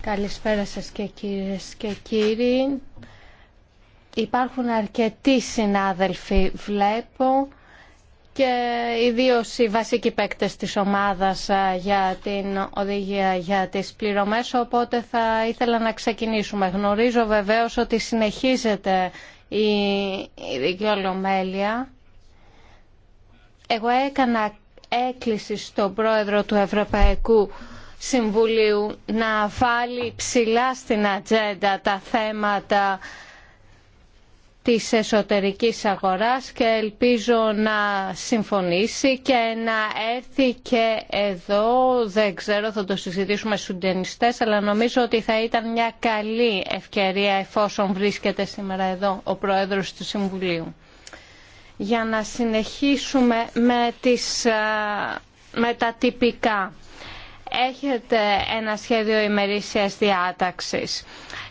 Καλησπέρα σας και κύριες και κύριοι. Υπάρχουν αρκετοί συνάδελφοι, βλέπω και ιδίω οι βασικοί παίκτες της ομάδας ε, για την οδηγία για τις πληρωμές, οπότε θα ήθελα να ξεκινήσουμε. Γνωρίζω βεβαίως ότι συνεχίζεται η η Εγώ έκανα έκκληση στον πρόεδρο του Ευρωπαϊκού Συμβουλίου να βάλει ψηλά στην ατζέντα τα θέματα της εσωτερικής αγοράς και ελπίζω να συμφωνήσει και να έρθει και εδώ, δεν ξέρω, θα το συζητήσουμε στους ταινιστές, αλλά νομίζω ότι θα ήταν μια καλή ευκαιρία εφόσον βρίσκεται σήμερα εδώ ο Πρόεδρος του Συμβουλίου. Για να συνεχίσουμε με, τις, με τα τυπικά. Έχετε ένα σχέδιο ημερήσιας διάταξης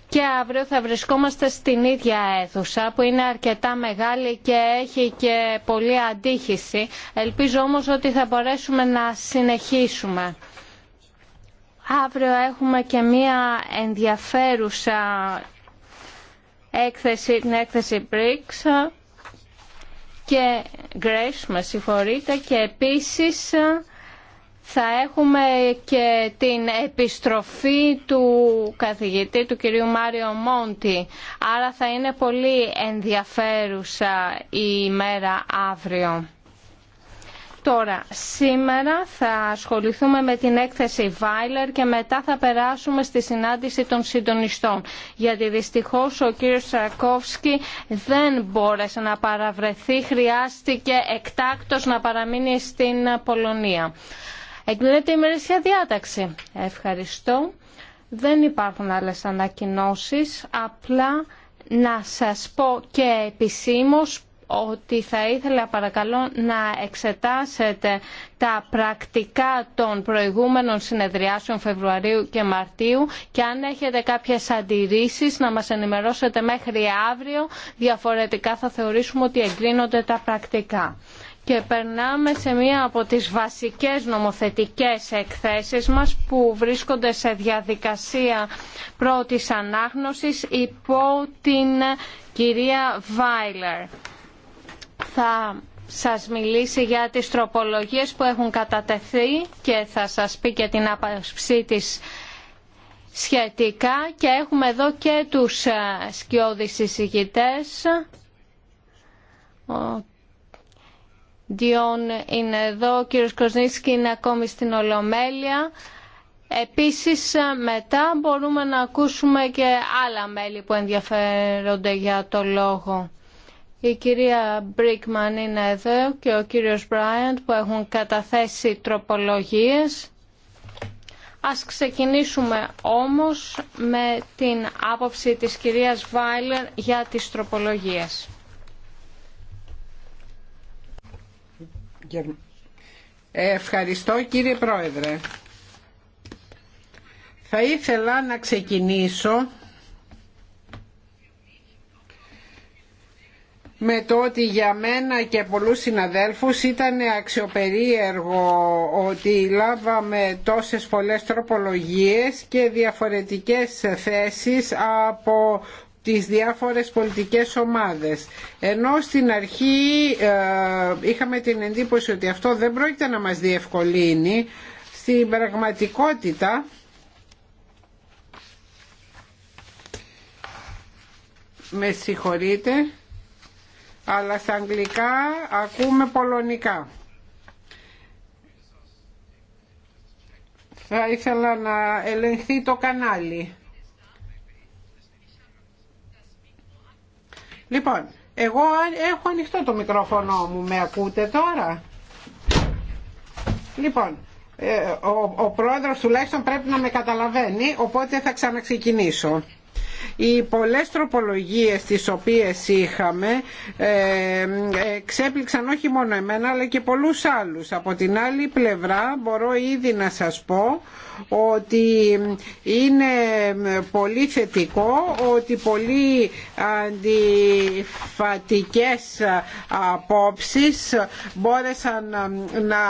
και αύριο θα βρισκόμαστε στην ίδια αίθουσα που είναι αρκετά μεγάλη και έχει και πολλή αντίχηση. Ελπίζω όμως ότι θα μπορέσουμε να συνεχίσουμε. Αύριο έχουμε και μία ενδιαφέρουσα έκθεση, την έκθεση BRICS και Grace, με συγχωρείτε, και επίσης θα έχουμε και την επιστροφή του καθηγητή, του κυρίου Μάριο Μόντι. Άρα θα είναι πολύ ενδιαφέρουσα η ημέρα αύριο. Τώρα, σήμερα θα ασχοληθούμε με την έκθεση Βάιλερ και μετά θα περάσουμε στη συνάντηση των συντονιστών. Γιατί δυστυχώς ο κύριος Σαρκόφσκι δεν μπόρεσε να παραβρεθεί, χρειάστηκε εκτάκτος να παραμείνει στην Πολωνία. Εγκρίνεται η ημερήσια διάταξη. Ευχαριστώ. Δεν υπάρχουν άλλες ανακοινώσεις. Απλά να σας πω και επισήμως ότι θα ήθελα παρακαλώ να εξετάσετε τα πρακτικά των προηγούμενων συνεδριάσεων Φεβρουαρίου και Μαρτίου και αν έχετε κάποιες αντιρρήσεις να μας ενημερώσετε μέχρι αύριο διαφορετικά θα θεωρήσουμε ότι εγκρίνονται τα πρακτικά και περνάμε σε μία από τις βασικές νομοθετικές εκθέσεις μας που βρίσκονται σε διαδικασία πρώτης ανάγνωσης υπό την κυρία Βάιλερ. Θα σας μιλήσει για τις τροπολογίες που έχουν κατατεθεί και θα σας πει και την άποψή της σχετικά και έχουμε εδώ και τους σκιώδεις συζητητές. Διόν είναι εδώ, ο κύριος Κοσνίσκι είναι ακόμη στην Ολομέλεια. Επίσης μετά μπορούμε να ακούσουμε και άλλα μέλη που ενδιαφέρονται για το λόγο. Η κυρία Μπρίκμαν είναι εδώ και ο κύριος Μπράιαντ που έχουν καταθέσει τροπολογίες. Ας ξεκινήσουμε όμως με την άποψη της κυρίας Βάιλερ για τις τροπολογίες. Ευχαριστώ κύριε Πρόεδρε. Θα ήθελα να ξεκινήσω με το ότι για μένα και πολλούς συναδέλφους ήταν αξιοπερίεργο ότι λάβαμε τόσες πολλές τροπολογίες και διαφορετικές θέσεις από τις διάφορες πολιτικές ομάδες. Ενώ στην αρχή ε, είχαμε την εντύπωση ότι αυτό δεν πρόκειται να μας διευκολύνει, στην πραγματικότητα με συγχωρείτε, αλλά στα αγγλικά ακούμε πολωνικά. Θα ήθελα να ελεγχθεί το κανάλι. Λοιπόν, εγώ έχω ανοιχτό το μικρόφωνο μου. Με ακούτε τώρα? Λοιπόν, ε, ο, ο πρόεδρος τουλάχιστον πρέπει να με καταλαβαίνει, οπότε θα ξαναξεκινήσω. Οι πολλές τροπολογίες τις οποίες είχαμε ε, ξέπληξαν όχι μόνο εμένα αλλά και πολλούς άλλους. Από την άλλη πλευρά μπορώ ήδη να σας πω ότι είναι πολύ θετικό ότι πολλοί αντιφατικές απόψεις μπόρεσαν να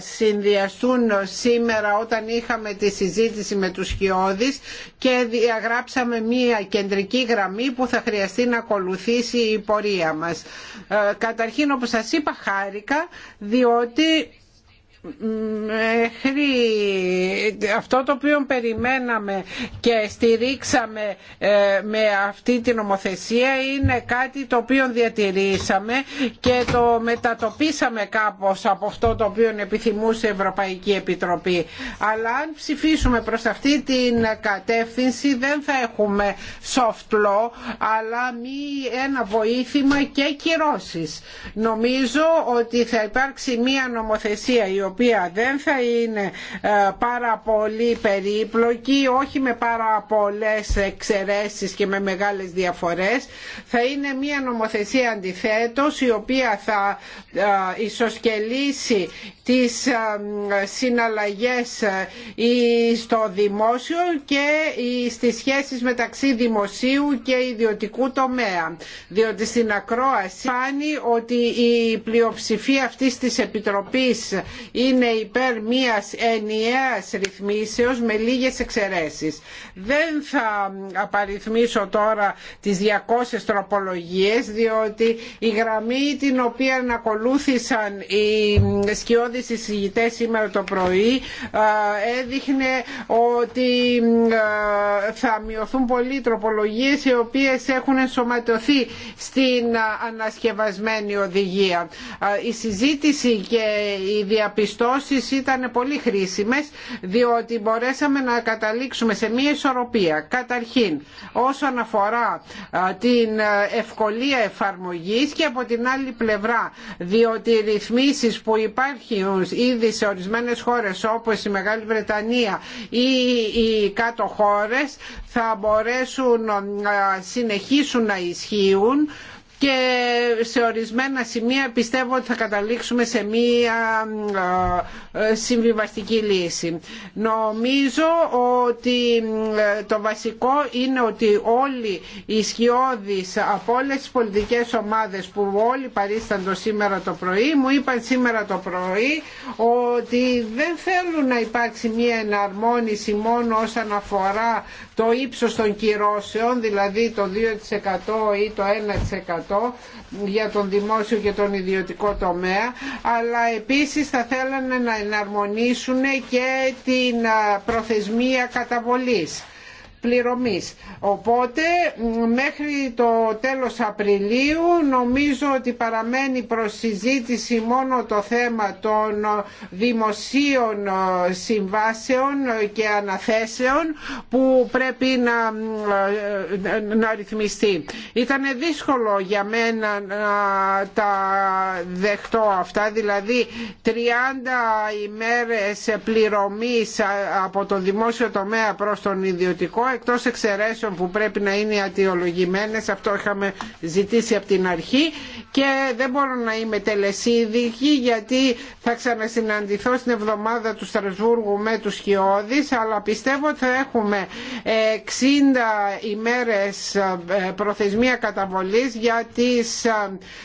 συνδυαστούν σήμερα όταν είχαμε τη συζήτηση με τους Χιώδης και διαγράψαμε μία μία κεντρική γραμμή που θα χρειαστεί να ακολουθήσει η πορεία μας. Ε, καταρχήν όπως σας είπα χάρηκα διότι μέχρι αυτό το οποίο περιμέναμε και στηρίξαμε ε, με αυτή την νομοθεσία είναι κάτι το οποίο διατηρήσαμε και το μετατοπίσαμε κάπως από αυτό το οποίο επιθυμούσε η Ευρωπαϊκή Επιτροπή. Αλλά αν ψηφίσουμε προς αυτή την κατεύθυνση δεν θα έχουμε soft law αλλά μη ένα βοήθημα και κυρώσεις. Νομίζω ότι θα υπάρξει μία νομοθεσία η οποία οποία δεν θα είναι ε, πάρα πολύ περίπλοκη, όχι με πάρα πολλές εξαιρέσεις και με μεγάλες διαφορές. Θα είναι μια νομοθεσία αντιθέτως η οποία θα ε, ισοσκελίσει τις ε, συναλλαγές στο δημόσιο και στις σχέσεις μεταξύ δημοσίου και ιδιωτικού τομέα. Διότι στην ακρόαση φάνει ότι η πλειοψηφία αυτής της Επιτροπής είναι υπέρ μιας ενιαίας ρυθμίσεως με λίγες εξαιρέσεις. Δεν θα απαριθμίσω τώρα τις 200 τροπολογίες διότι η γραμμή την οποία ακολούθησαν οι σκιώδεις εισηγητές σήμερα το πρωί έδειχνε ότι θα μειωθούν πολλοί τροπολογίες οι οποίες έχουν ενσωματωθεί στην ανασκευασμένη οδηγία. Η συζήτηση και η διαπιστώση διαπιστώσεις ήταν πολύ χρήσιμες διότι μπορέσαμε να καταλήξουμε σε μια ισορροπία. Καταρχήν όσον αφορά την ευκολία εφαρμογής και από την άλλη πλευρά διότι οι ρυθμίσεις που υπάρχουν ήδη σε ορισμένες χώρες όπως η Μεγάλη Βρετανία ή οι κάτω χώρες θα μπορέσουν να συνεχίσουν να ισχύουν και σε ορισμένα σημεία πιστεύω ότι θα καταλήξουμε σε μία ε, ε, συμβιβαστική λύση. Νομίζω ότι ε, το βασικό είναι ότι όλοι οι σκιώδεις από όλες τις πολιτικές ομάδες που όλοι παρίσταντο σήμερα το πρωί μου είπαν σήμερα το πρωί ότι δεν θέλουν να υπάρξει μία εναρμόνιση μόνο όσον αφορά το ύψος των κυρώσεων δηλαδή το 2% ή το 1% για τον δημόσιο και τον ιδιωτικό τομέα αλλά επίσης θα θέλανε να εναρμονίσουν και την προθεσμία καταβολής Οπότε μέχρι το τέλος Απριλίου νομίζω ότι παραμένει προς συζήτηση μόνο το θέμα των δημοσίων ε, συμβάσεων και αναθέσεων που πρέπει να, ε, να ρυθμιστεί. Ήταν δύσκολο για μένα να τα δεχτώ αυτά, δηλαδή 30 ημέρες πληρωμής ε, από το δημόσιο τομέα προς τον ιδιωτικό εκτός εξαιρέσεων που πρέπει να είναι αιτιολογημένες αυτό είχαμε ζητήσει από την αρχή και δεν μπορώ να είμαι τελεσίδικη γιατί θα ξανασυναντηθώ στην εβδομάδα του Στρασβούργου με τους Χιώδης αλλά πιστεύω ότι θα έχουμε 60 ημέρες ε, προθεσμία καταβολής για τις, ε,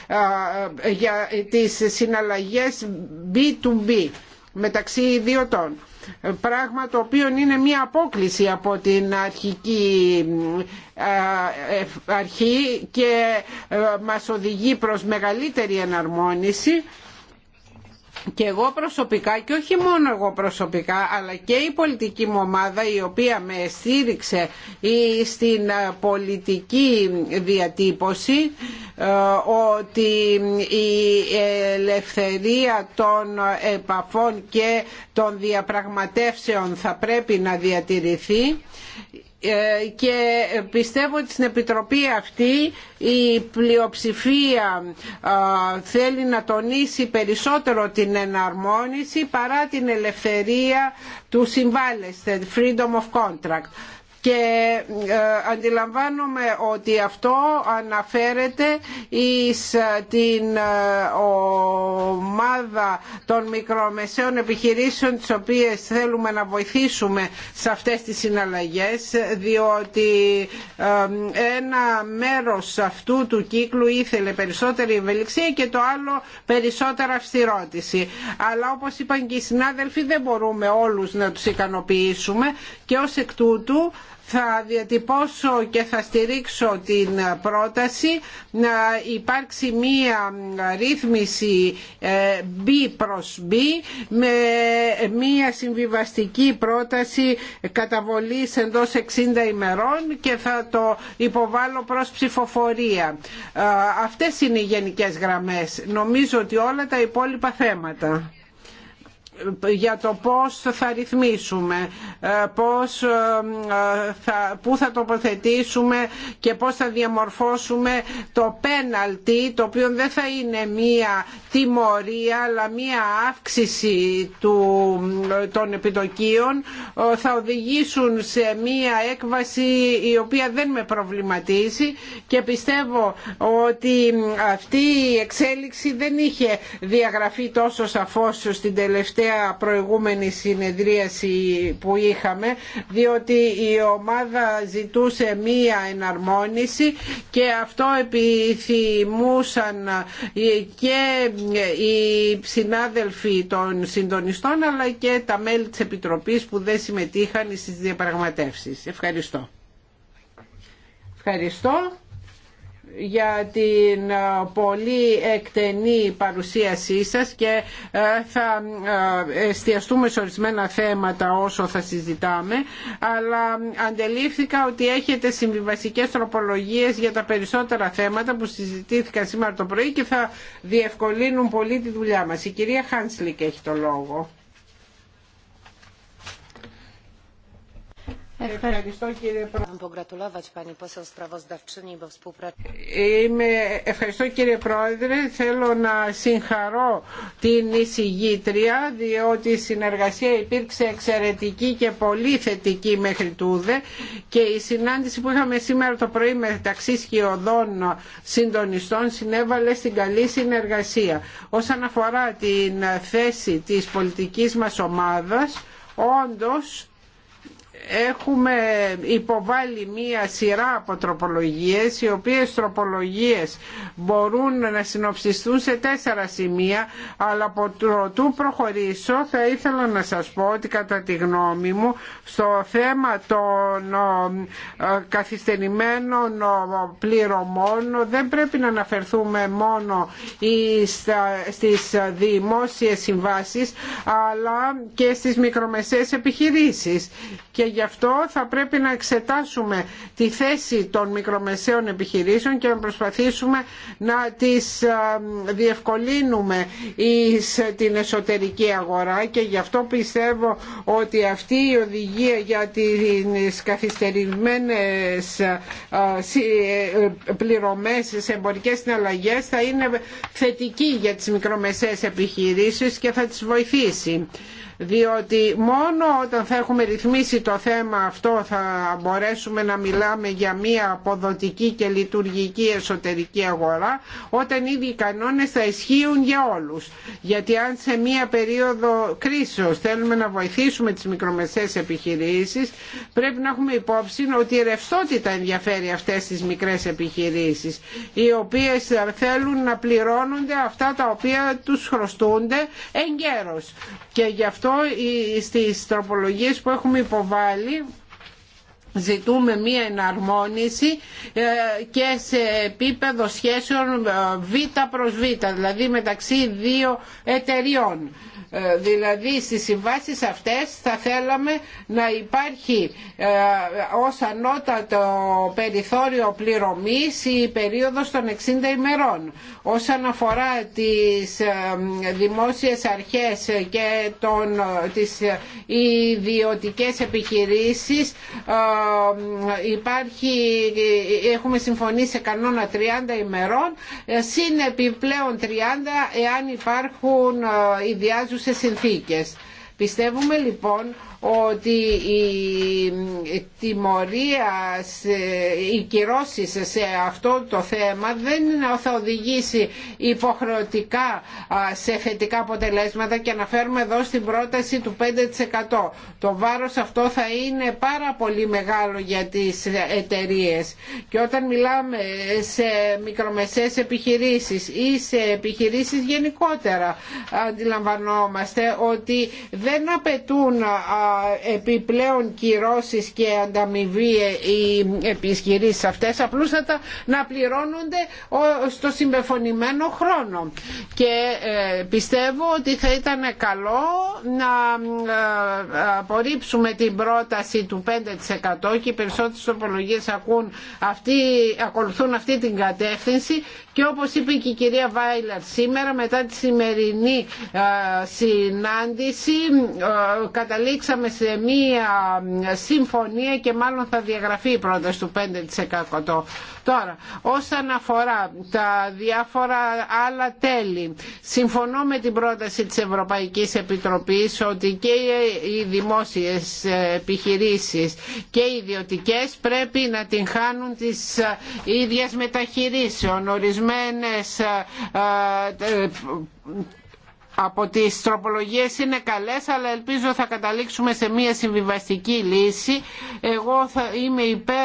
ε, για τις συναλλαγές B2B μεταξύ ιδιωτών πράγμα το οποίο είναι μία απόκληση από την αρχική ε, ε, αρχή και ε, μας οδηγεί προς μεγαλύτερη εναρμόνιση και εγώ προσωπικά και όχι μόνο εγώ προσωπικά αλλά και η πολιτική μου ομάδα η οποία με στήριξε στην ε, πολιτική διατύπωση ε, ότι η ελευθερία των επαφών και των διαπραγματεύσεων θα πρέπει να διατηρηθεί ε, και πιστεύω ότι στην Επιτροπή αυτή η πλειοψηφία ε, θέλει να τονίσει περισσότερο την εναρμόνιση παρά την ελευθερία του συμβάλλεστε, freedom of contract και ε, αντιλαμβάνομαι ότι αυτό αναφέρεται εις ε, την ε, ομάδα των μικρομεσαίων επιχειρήσεων τις οποίες θέλουμε να βοηθήσουμε σε αυτές τις συναλλαγές διότι ένα μέρος αυτού του κύκλου ήθελε περισσότερη ευελιξία και το άλλο περισσότερα αυστηρότηση. Αλλά όπως είπαν και οι συνάδελφοι δεν μπορούμε όλους να τους ικανοποιήσουμε και ως εκ τούτου θα διατυπώσω και θα στηρίξω την πρόταση να υπάρξει μία ρύθμιση ε, B προς B με μία συμβιβαστική πρόταση καταβολής εντός 60 ημερών και θα το υποβάλω προς ψηφοφορία. Ε, αυτές είναι οι γενικές γραμμές. Νομίζω ότι όλα τα υπόλοιπα θέματα για το πώς θα ρυθμίσουμε, ε, πώς ε, θα, πού θα τοποθετήσουμε και πώς θα διαμορφώσουμε το πέναλτι, το οποίο δεν θα είναι μία τιμωρία αλλά μία αύξηση του, των επιτοκίων, ε, θα οδηγήσουν σε μία έκβαση η οποία δεν με προβληματίζει και πιστεύω ότι αυτή η εξέλιξη δεν είχε διαγραφεί τόσο σαφώς στην τελευταία τελευταία προηγούμενη συνεδρίαση που είχαμε διότι η ομάδα ζητούσε μία εναρμόνιση και αυτό επιθυμούσαν και οι συνάδελφοι των συντονιστών αλλά και τα μέλη της Επιτροπής που δεν συμμετείχαν στις διαπραγματεύσεις. Ευχαριστώ. Ευχαριστώ για την ε, πολύ εκτενή παρουσίασή σας και ε, θα ε, εστιαστούμε σε ορισμένα θέματα όσο θα συζητάμε αλλά αντελήφθηκα ότι έχετε συμβιβασικές τροπολογίες για τα περισσότερα θέματα που συζητήθηκαν σήμερα το πρωί και θα διευκολύνουν πολύ τη δουλειά μας. Η κυρία Χάνσλικ έχει το λόγο. Ευχαριστώ κύριε Πρόεδρε. Θέλω να συγχαρώ την εισηγήτρια διότι η συνεργασία υπήρξε εξαιρετική και πολύ θετική μέχρι τούδε και η συνάντηση που είχαμε σήμερα το πρωί μεταξύ οδών συντονιστών συνέβαλε στην καλή συνεργασία. Όσον αφορά την θέση της πολιτικής μας ομάδας, όντως έχουμε υποβάλει μία σειρά από τροπολογίες οι οποίες τροπολογίες μπορούν να συνοψιστούν σε τέσσερα σημεία αλλά από το προχωρήσω θα ήθελα να σας πω ότι κατά τη γνώμη μου στο θέμα των ε, καθυστερημένων πληρωμών δεν πρέπει να αναφερθούμε μόνο στις δημόσιες συμβάσεις αλλά και στις μικρομεσαίες επιχειρήσεις και γι' αυτό θα πρέπει να εξετάσουμε τη θέση των μικρομεσαίων επιχειρήσεων και να προσπαθήσουμε να τις διευκολύνουμε εις την εσωτερική αγορά και γι' αυτό πιστεύω ότι αυτή η οδηγία για τις καθυστερημένες ε, πληρωμές σε εμπορικές συναλλαγές θα είναι θετική για τις μικρομεσαίες επιχειρήσεις και θα τις βοηθήσει διότι μόνο όταν θα έχουμε ρυθμίσει το θέμα αυτό θα μπορέσουμε να μιλάμε για μια αποδοτική και λειτουργική εσωτερική αγορά όταν ήδη οι κανόνες θα ισχύουν για όλους. Γιατί αν σε μια περίοδο κρίσεως θέλουμε να βοηθήσουμε τις μικρομεσαίες επιχειρήσεις πρέπει να έχουμε υπόψη ότι η ρευστότητα ενδιαφέρει αυτές τις μικρές επιχειρήσεις οι οποίες θέλουν να πληρώνονται αυτά τα οποία τους χρωστούνται εγκαίρως. Και γι' αυτό αυτό στις τροπολογίες που έχουμε υποβάλει ζητούμε μία εναρμόνιση ε, και σε επίπεδο σχέσεων ε, β προς β, δηλαδή μεταξύ δύο εταιριών. Ε, δηλαδή στις συμβάσεις αυτές θα θέλαμε να υπάρχει ε, ως ανώτατο περιθώριο πληρωμής η περίοδος των 60 ημερών. Όσον αφορά τις ε, δημόσιες αρχές και τον, τις ιδιωτικές επιχειρήσεις υπάρχει, έχουμε συμφωνήσει σε κανόνα 30 ημερών συν επιπλέον 30 εάν υπάρχουν ιδιάζου σε συνθήκες. Πιστεύουμε λοιπόν ότι η τιμωρία, οι κυρώσει σε αυτό το θέμα δεν θα οδηγήσει υποχρεωτικά σε θετικά αποτελέσματα και αναφέρουμε εδώ στην πρόταση του 5%. Το βάρος αυτό θα είναι πάρα πολύ μεγάλο για τις εταιρείε. Και όταν μιλάμε σε μικρομεσαίες επιχειρήσεις ή σε επιχειρήσεις γενικότερα αντιλαμβανόμαστε ότι δεν απαιτούν επιπλέον κυρώσεις και ανταμοιβή ε, οι επιχειρήσεις αυτές απλούστατα να πληρώνονται στο συμπεφωνημένο χρόνο και ε, πιστεύω ότι θα ήταν καλό να ε, απορρίψουμε την πρόταση του 5% και οι περισσότερες ακούν ακολουθούν αυτή την κατεύθυνση και όπως είπε και η κυρία Βάιλαρ σήμερα μετά τη σημερινή συνάντηση καταλήξαμε σε μία συμφωνία και μάλλον θα διαγραφεί η πρόταση του 5%. Τώρα, όσον αφορά τα διάφορα άλλα τέλη, συμφωνώ με την πρόταση της Ευρωπαϊκής Επιτροπής ότι και οι δημόσιες επιχειρήσεις και οι ιδιωτικές πρέπει να την χάνουν τις ίδιες μεταχειρήσεων. Ορισμένες ε, ε, από τις τροπολογίες είναι καλές αλλά ελπίζω θα καταλήξουμε σε μια συμβιβαστική λύση. Εγώ θα είμαι υπέρ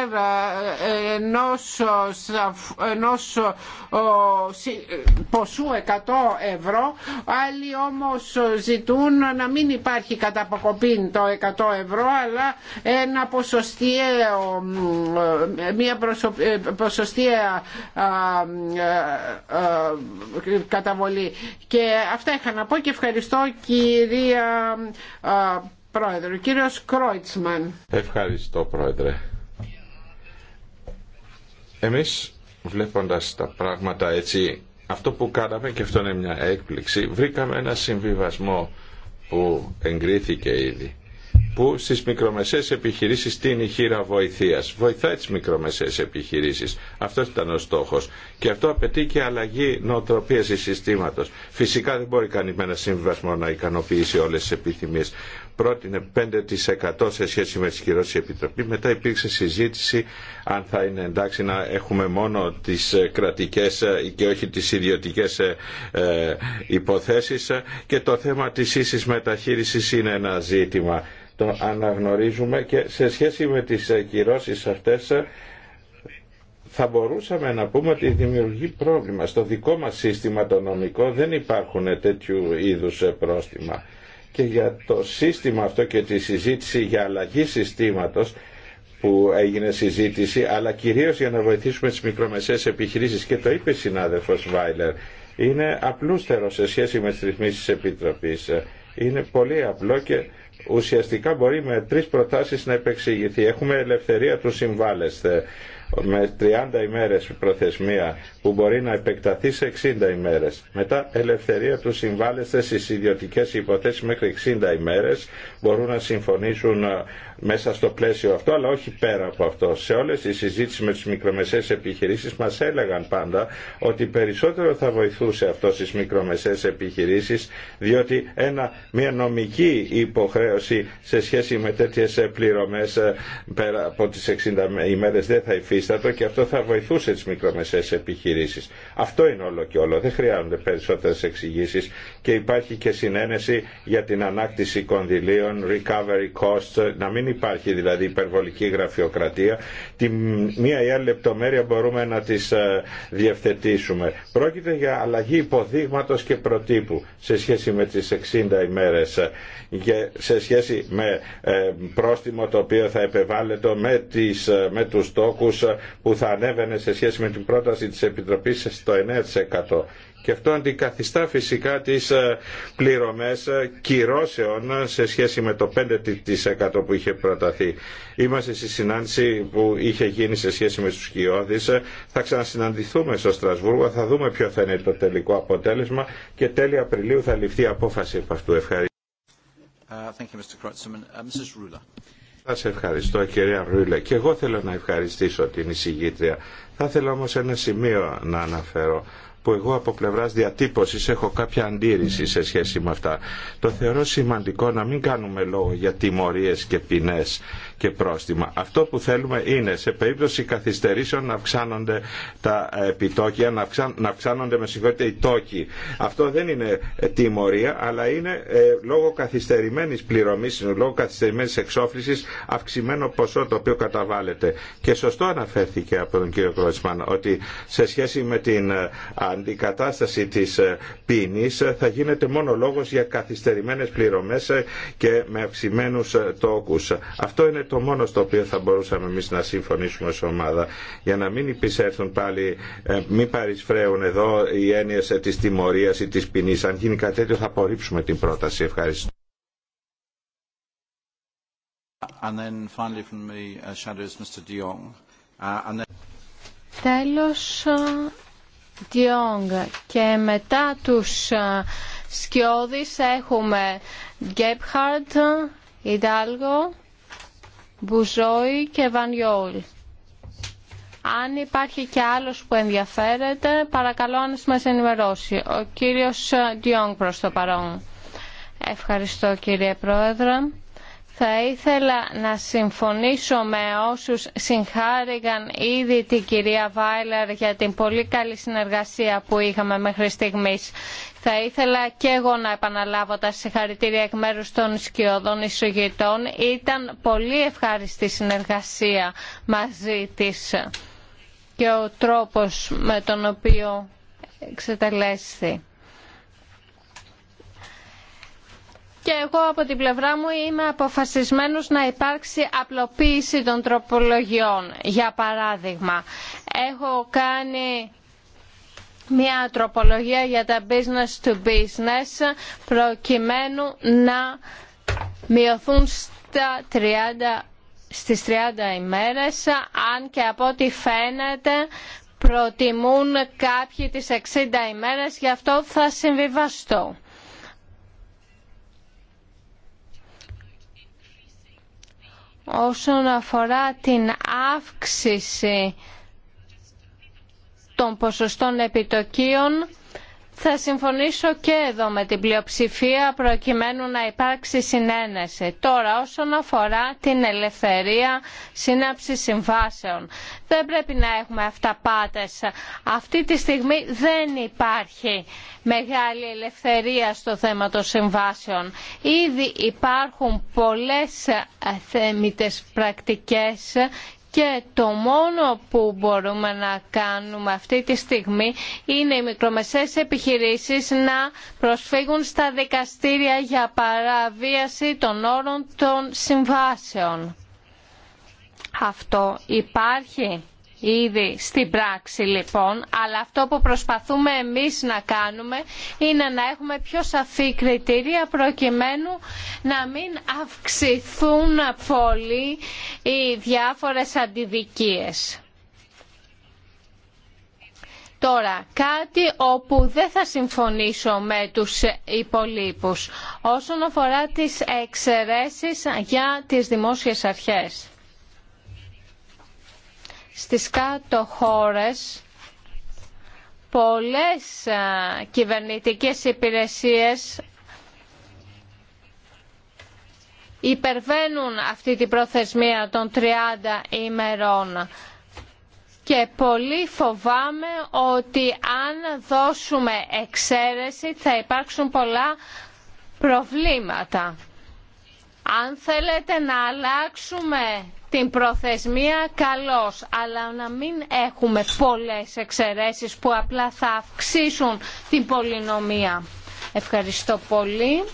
ε, ενός, ε, ενός ε, ποσού 100 ευρώ άλλοι όμως ζητούν να μην υπάρχει κατά το 100 ευρώ αλλά ένα ποσοστιαίο μια ποσοστιαία καταβολή και αυτά είχα να να πω και ευχαριστώ κυρία Πρόεδρε. Κύριος Κρόιτσμαν. Ευχαριστώ Πρόεδρε. Εμείς βλέποντας τα πράγματα έτσι, αυτό που κάναμε και αυτό είναι μια έκπληξη, βρήκαμε ένα συμβιβασμό που εγκρίθηκε ήδη που στις μικρομεσαίες επιχειρήσεις τίνει χείρα βοηθείας. Βοηθάει τις μικρομεσαίες επιχειρήσεις. Αυτός ήταν ο στόχος. Και αυτό απαιτεί και αλλαγή νοοτροπίας του συστήματος. Φυσικά δεν μπορεί κανεί με ένα σύμβασμο να ικανοποιήσει όλες τις επιθυμίες πρότεινε 5% σε σχέση με τις κυρώσεις επιτροπή. Μετά υπήρξε συζήτηση αν θα είναι εντάξει να έχουμε μόνο τις ε, κρατικές ε, και όχι τις ιδιωτικές ε, υποθέσεις και το θέμα της ίσης μεταχείρισης είναι ένα ζήτημα. Το αναγνωρίζουμε και σε σχέση με τις κυρώσεις αυτές θα μπορούσαμε να πούμε ότι δημιουργεί πρόβλημα. Στο δικό μας σύστημα το νομικό δεν υπάρχουν τέτοιου είδους πρόστιμα και για το σύστημα αυτό και τη συζήτηση για αλλαγή συστήματος που έγινε συζήτηση, αλλά κυρίως για να βοηθήσουμε τις μικρομεσαίες επιχειρήσεις και το είπε η συνάδελφος Βάιλερ, είναι απλούστερο σε σχέση με τις ρυθμίσεις της Επιτροπής. Είναι πολύ απλό και ουσιαστικά μπορεί με τρεις προτάσεις να επεξηγηθεί. Έχουμε ελευθερία του συμβάλλεστε με 30 ημέρες προθεσμία που μπορεί να επεκταθεί σε 60 ημέρες. Μετά ελευθερία του συμβάλλεστε στις ιδιωτικές υποθέσεις μέχρι 60 ημέρες μπορούν να συμφωνήσουν ε, μέσα στο πλαίσιο αυτό αλλά όχι πέρα από αυτό. Σε όλες οι συζήτησεις με τις μικρομεσαίες επιχειρήσεις μας έλεγαν πάντα ότι περισσότερο θα βοηθούσε αυτό στις μικρομεσαίες επιχειρήσεις διότι ένα, μια νομική υποχρέωση σε σχέση με τέτοιες πληρωμές ε, πέρα από τις 60 ημέρες δεν θα και αυτό θα βοηθούσε τι μικρομεσαίες επιχειρήσει. Αυτό είναι όλο και όλο. Δεν χρειάζονται περισσότερε εξηγήσει και υπάρχει και συνένεση για την ανάκτηση κονδυλίων, recovery costs, να μην υπάρχει δηλαδή υπερβολική γραφειοκρατία. Τη μία ή άλλη λεπτομέρεια μπορούμε να τις ε, διευθετήσουμε. Πρόκειται για αλλαγή υποδείγματο και προτύπου σε σχέση με τι 60 ημέρε και σε σχέση με ε, πρόστιμο το οποίο θα επεβάλλεται με, τις, ε, με τους τόκους που θα ανέβαινε σε σχέση με την πρόταση της Επιτροπής στο 9%. Και αυτό αντικαθιστά φυσικά τις ε, πληρωμές ε, κυρώσεων σε σχέση με το 5% που είχε προταθεί. Είμαστε στη συνάντηση που είχε γίνει σε σχέση με τους κοιόδης. Θα ξανασυναντηθούμε στο Στρασβούργο, θα δούμε ποιο θα είναι το τελικό αποτέλεσμα και τέλη Απριλίου θα ληφθεί απόφαση από αυτού. Ευχαριστώ. Uh, θα σε ευχαριστώ κυρία Ρούλε και εγώ θέλω να ευχαριστήσω την εισηγήτρια. Θα ήθελα όμως ένα σημείο να αναφέρω που εγώ από πλευράς διατύπωσης έχω κάποια αντίρρηση σε σχέση με αυτά. Το θεωρώ σημαντικό να μην κάνουμε λόγο για τιμωρίες και ποινές και πρόστιμα. Αυτό που θέλουμε είναι σε περίπτωση καθυστερήσεων να αυξάνονται τα ε, επιτόκια, να, αυξάν, να αυξάνονται με συγχωρείτε οι τόκοι. Αυτό δεν είναι ε, τιμωρία, αλλά είναι ε, λόγω καθυστερημένης πληρωμής, λόγω καθυστερημένης εξόφλησης αυξημένο ποσό το οποίο καταβάλλεται. Και σωστό αναφέρθηκε από τον κύριο Κρότσμαν ότι σε σχέση με την ε, αντικατάσταση της ε, πίνης ε, θα γίνεται μόνο λόγος για καθυστερημένες πληρωμές ε, και με αυξημένους τόκους. Αυτό είναι το μόνο στο οποίο θα μπορούσαμε εμείς να συμφωνήσουμε ως ομάδα. Για να μην υπησέρθουν πάλι, μην παρισφρέουν εδώ οι έννοιες της τιμωρίας ή της ποινή. Αν γίνει κάτι τέτοιο θα απορρίψουμε την πρόταση. Ευχαριστώ. And then finally from uh, shadows, Mr. Uh, and then... Τέλος, και μετά τους σκιώδεις έχουμε Γκέπχαρτ, Ιντάλγο, Μπουζόη και Βανιόλ. Αν υπάρχει και άλλος που ενδιαφέρεται, παρακαλώ να μας ενημερώσει. Ο κύριος Διόγκ προς το παρόν. Ευχαριστώ κύριε Πρόεδρε. Θα ήθελα να συμφωνήσω με όσους συγχάρηγαν ήδη την κυρία Βάιλερ για την πολύ καλή συνεργασία που είχαμε μέχρι στιγμής. Θα ήθελα και εγώ να επαναλάβω τα συγχαρητήρια εκ μέρους των σκιωδών ισογητών. Ήταν πολύ ευχάριστη συνεργασία μαζί της και ο τρόπος με τον οποίο εξετελέσθη. και εγώ από την πλευρά μου είμαι αποφασισμένος να υπάρξει απλοποίηση των τροπολογιών. Για παράδειγμα, έχω κάνει μια τροπολογία για τα business to business προκειμένου να μειωθούν στα 30 στις 30 ημέρες, αν και από ό,τι φαίνεται προτιμούν κάποιοι τις 60 ημέρες, γι' αυτό θα συμβιβαστώ. όσον αφορά την αύξηση των ποσοστών επιτοκίων θα συμφωνήσω και εδώ με την πλειοψηφία προκειμένου να υπάρξει συνένεση. Τώρα όσον αφορά την ελευθερία σύναψης συμβάσεων. Δεν πρέπει να έχουμε αυταπάτες. Αυτή τη στιγμή δεν υπάρχει μεγάλη ελευθερία στο θέμα των συμβάσεων. Ήδη υπάρχουν πολλές θέμητες πρακτικές και το μόνο που μπορούμε να κάνουμε αυτή τη στιγμή είναι οι μικρομεσαίες επιχειρήσεις να προσφύγουν στα δικαστήρια για παραβίαση των όρων των συμβάσεων. Αυτό υπάρχει ήδη στην πράξη λοιπόν, αλλά αυτό που προσπαθούμε εμείς να κάνουμε είναι να έχουμε πιο σαφή κριτήρια προκειμένου να μην αυξηθούν πολύ οι διάφορες αντιδικίες. Τώρα, κάτι όπου δεν θα συμφωνήσω με τους υπολείπους όσον αφορά τις εξαιρέσεις για τις δημόσιες αρχές στις κάτω χώρες πολλές κυβερνητικές υπηρεσίες υπερβαίνουν αυτή την προθεσμία των 30 ημερών. Και πολύ φοβάμαι ότι αν δώσουμε εξαίρεση θα υπάρξουν πολλά προβλήματα. Αν θέλετε να αλλάξουμε την προθεσμία καλώς, αλλά να μην έχουμε πολλές εξαιρέσεις που απλά θα αυξήσουν την πολυνομία. Ευχαριστώ πολύ,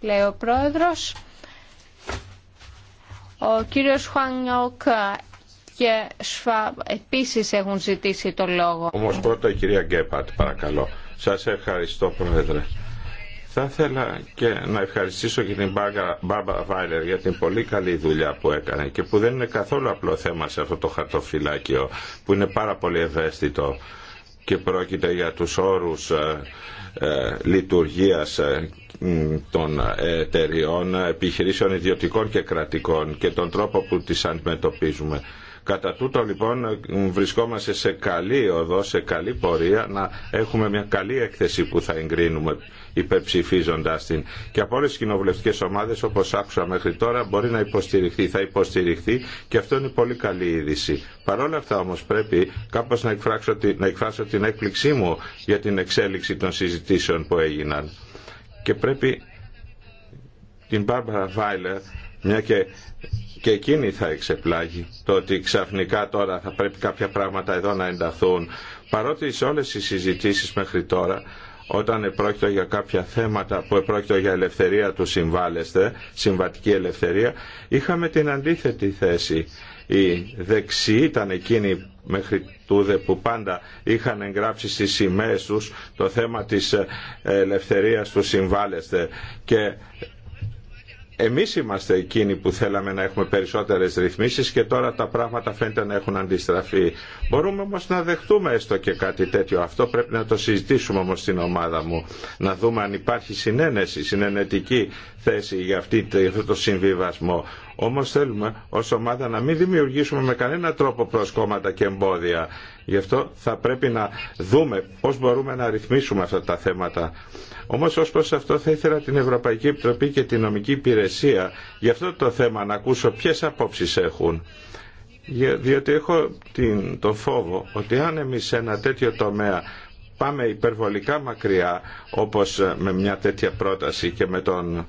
λέει ο Πρόεδρος. Ο κύριος Χουάνιοκ και σφά επίσης έχουν ζητήσει το λόγο. Όμως πρώτα η κυρία Γκέπαρτ, παρακαλώ. Σας ευχαριστώ, Πρόεδρε. Θα ήθελα και να ευχαριστήσω και την Μπάμπα Βάιλερ για την πολύ καλή δουλειά που έκανε και που δεν είναι καθόλου απλό θέμα σε αυτό το χαρτοφυλάκιο που είναι πάρα πολύ ευαίσθητο και πρόκειται για τους όρους ε, ε, λειτουργίας ε, των εταιριών, επιχειρήσεων ιδιωτικών και κρατικών και τον τρόπο που τις αντιμετωπίζουμε. Κατά τούτο λοιπόν βρισκόμαστε σε καλή οδό, σε καλή πορεία να έχουμε μια καλή έκθεση που θα εγκρίνουμε υπερψηφίζοντα την. Και από όλε τι κοινοβουλευτικέ ομάδε, όπω άκουσα μέχρι τώρα, μπορεί να υποστηριχθεί, θα υποστηριχθεί και αυτό είναι πολύ καλή είδηση. Παρ' όλα αυτά όμω πρέπει κάπω να, εκφράσω, να εκφράσω την έκπληξή μου για την εξέλιξη των συζητήσεων που έγιναν. Και πρέπει την Μπάρμπαρα Βάιλερ, μια και και εκείνη θα εξεπλάγει το ότι ξαφνικά τώρα θα πρέπει κάποια πράγματα εδώ να ενταθούν. Παρότι σε όλες οι συζητήσεις μέχρι τώρα όταν επρόκειτο για κάποια θέματα που επρόκειτο για ελευθερία του συμβάλλεστε, συμβατική ελευθερία, είχαμε την αντίθετη θέση. Η δεξιοί ήταν εκείνη μέχρι τούδε που πάντα είχαν εγγράψει στις σημαίες τους το θέμα της ελευθερίας του συμβάλλεστε και εμείς είμαστε εκείνοι που θέλαμε να έχουμε περισσότερες ρυθμίσεις και τώρα τα πράγματα φαίνεται να έχουν αντιστραφεί. Μπορούμε όμως να δεχτούμε έστω και κάτι τέτοιο. Αυτό πρέπει να το συζητήσουμε όμως στην ομάδα μου. Να δούμε αν υπάρχει συνένεση, συνενετική θέση για αυτή, αυτό το συμβιβασμό. Όμω θέλουμε ως ομάδα να μην δημιουργήσουμε με κανένα τρόπο προσκόμματα και εμπόδια. Γι' αυτό θα πρέπει να δούμε πώς μπορούμε να ρυθμίσουμε αυτά τα θέματα. Όμω ω προς αυτό θα ήθελα την Ευρωπαϊκή Επιτροπή και την Νομική Υπηρεσία για αυτό το θέμα να ακούσω ποιε απόψει έχουν διότι έχω την, το φόβο ότι αν εμείς σε ένα τέτοιο τομέα πάμε υπερβολικά μακριά όπως με μια τέτοια πρόταση και με τον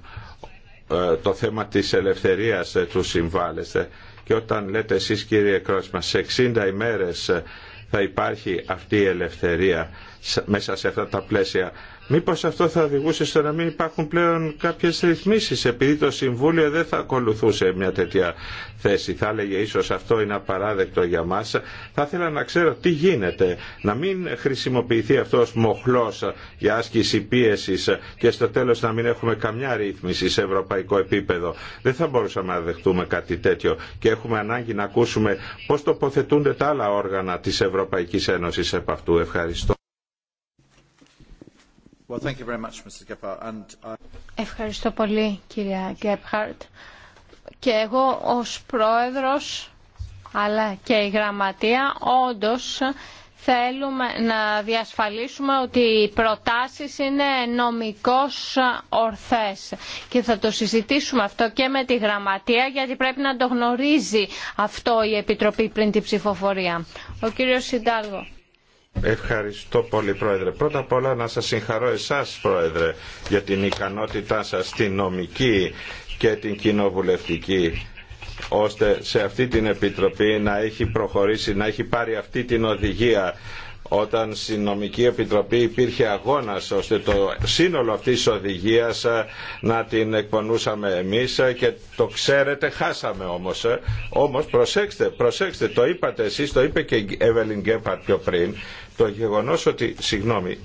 ε, το θέμα της ελευθερίας ε, του συμβάλλεστε και όταν λέτε εσείς κύριε Κρόσμα σε 60 ημέρες ε, θα υπάρχει αυτή η ελευθερία μέσα σε αυτά τα πλαίσια Μήπως αυτό θα οδηγούσε στο να μην υπάρχουν πλέον κάποιες ρυθμίσεις επειδή το Συμβούλιο δεν θα ακολουθούσε μια τέτοια θέση. Θα έλεγε ίσως αυτό είναι απαράδεκτο για μας. Θα ήθελα να ξέρω τι γίνεται. Να μην χρησιμοποιηθεί αυτός μοχλός για άσκηση πίεσης και στο τέλος να μην έχουμε καμιά ρύθμιση σε ευρωπαϊκό επίπεδο. Δεν θα μπορούσαμε να δεχτούμε κάτι τέτοιο και έχουμε ανάγκη να ακούσουμε πώς τοποθετούνται τα άλλα όργανα της Ευρωπαϊκής Ένωσης επ' αυτού. Ευχαριστώ. Ευχαριστώ πολύ κυρία Γκέπχαρτ και εγώ ως πρόεδρος αλλά και η γραμματεία όντως θέλουμε να διασφαλίσουμε ότι οι προτάσεις είναι νομικώς ορθές και θα το συζητήσουμε αυτό και με τη γραμματεία γιατί πρέπει να το γνωρίζει αυτό η Επιτροπή πριν την ψηφοφορία. Ο κύριος Συντάλγο. Ευχαριστώ πολύ Πρόεδρε. Πρώτα απ' όλα να σας συγχαρώ εσάς Πρόεδρε για την ικανότητά σας την νομική και την κοινοβουλευτική ώστε σε αυτή την Επιτροπή να έχει προχωρήσει, να έχει πάρει αυτή την οδηγία όταν στην νομική επιτροπή υπήρχε αγώνας ώστε το σύνολο αυτής της οδηγίας ε, να την εκπονούσαμε εμείς ε, και το ξέρετε χάσαμε όμως. Ε. Όμως προσέξτε, προσέξτε το είπατε εσείς, το είπε και η Εύελιν πιο πριν, το γεγονός ότι, συγγνώμη,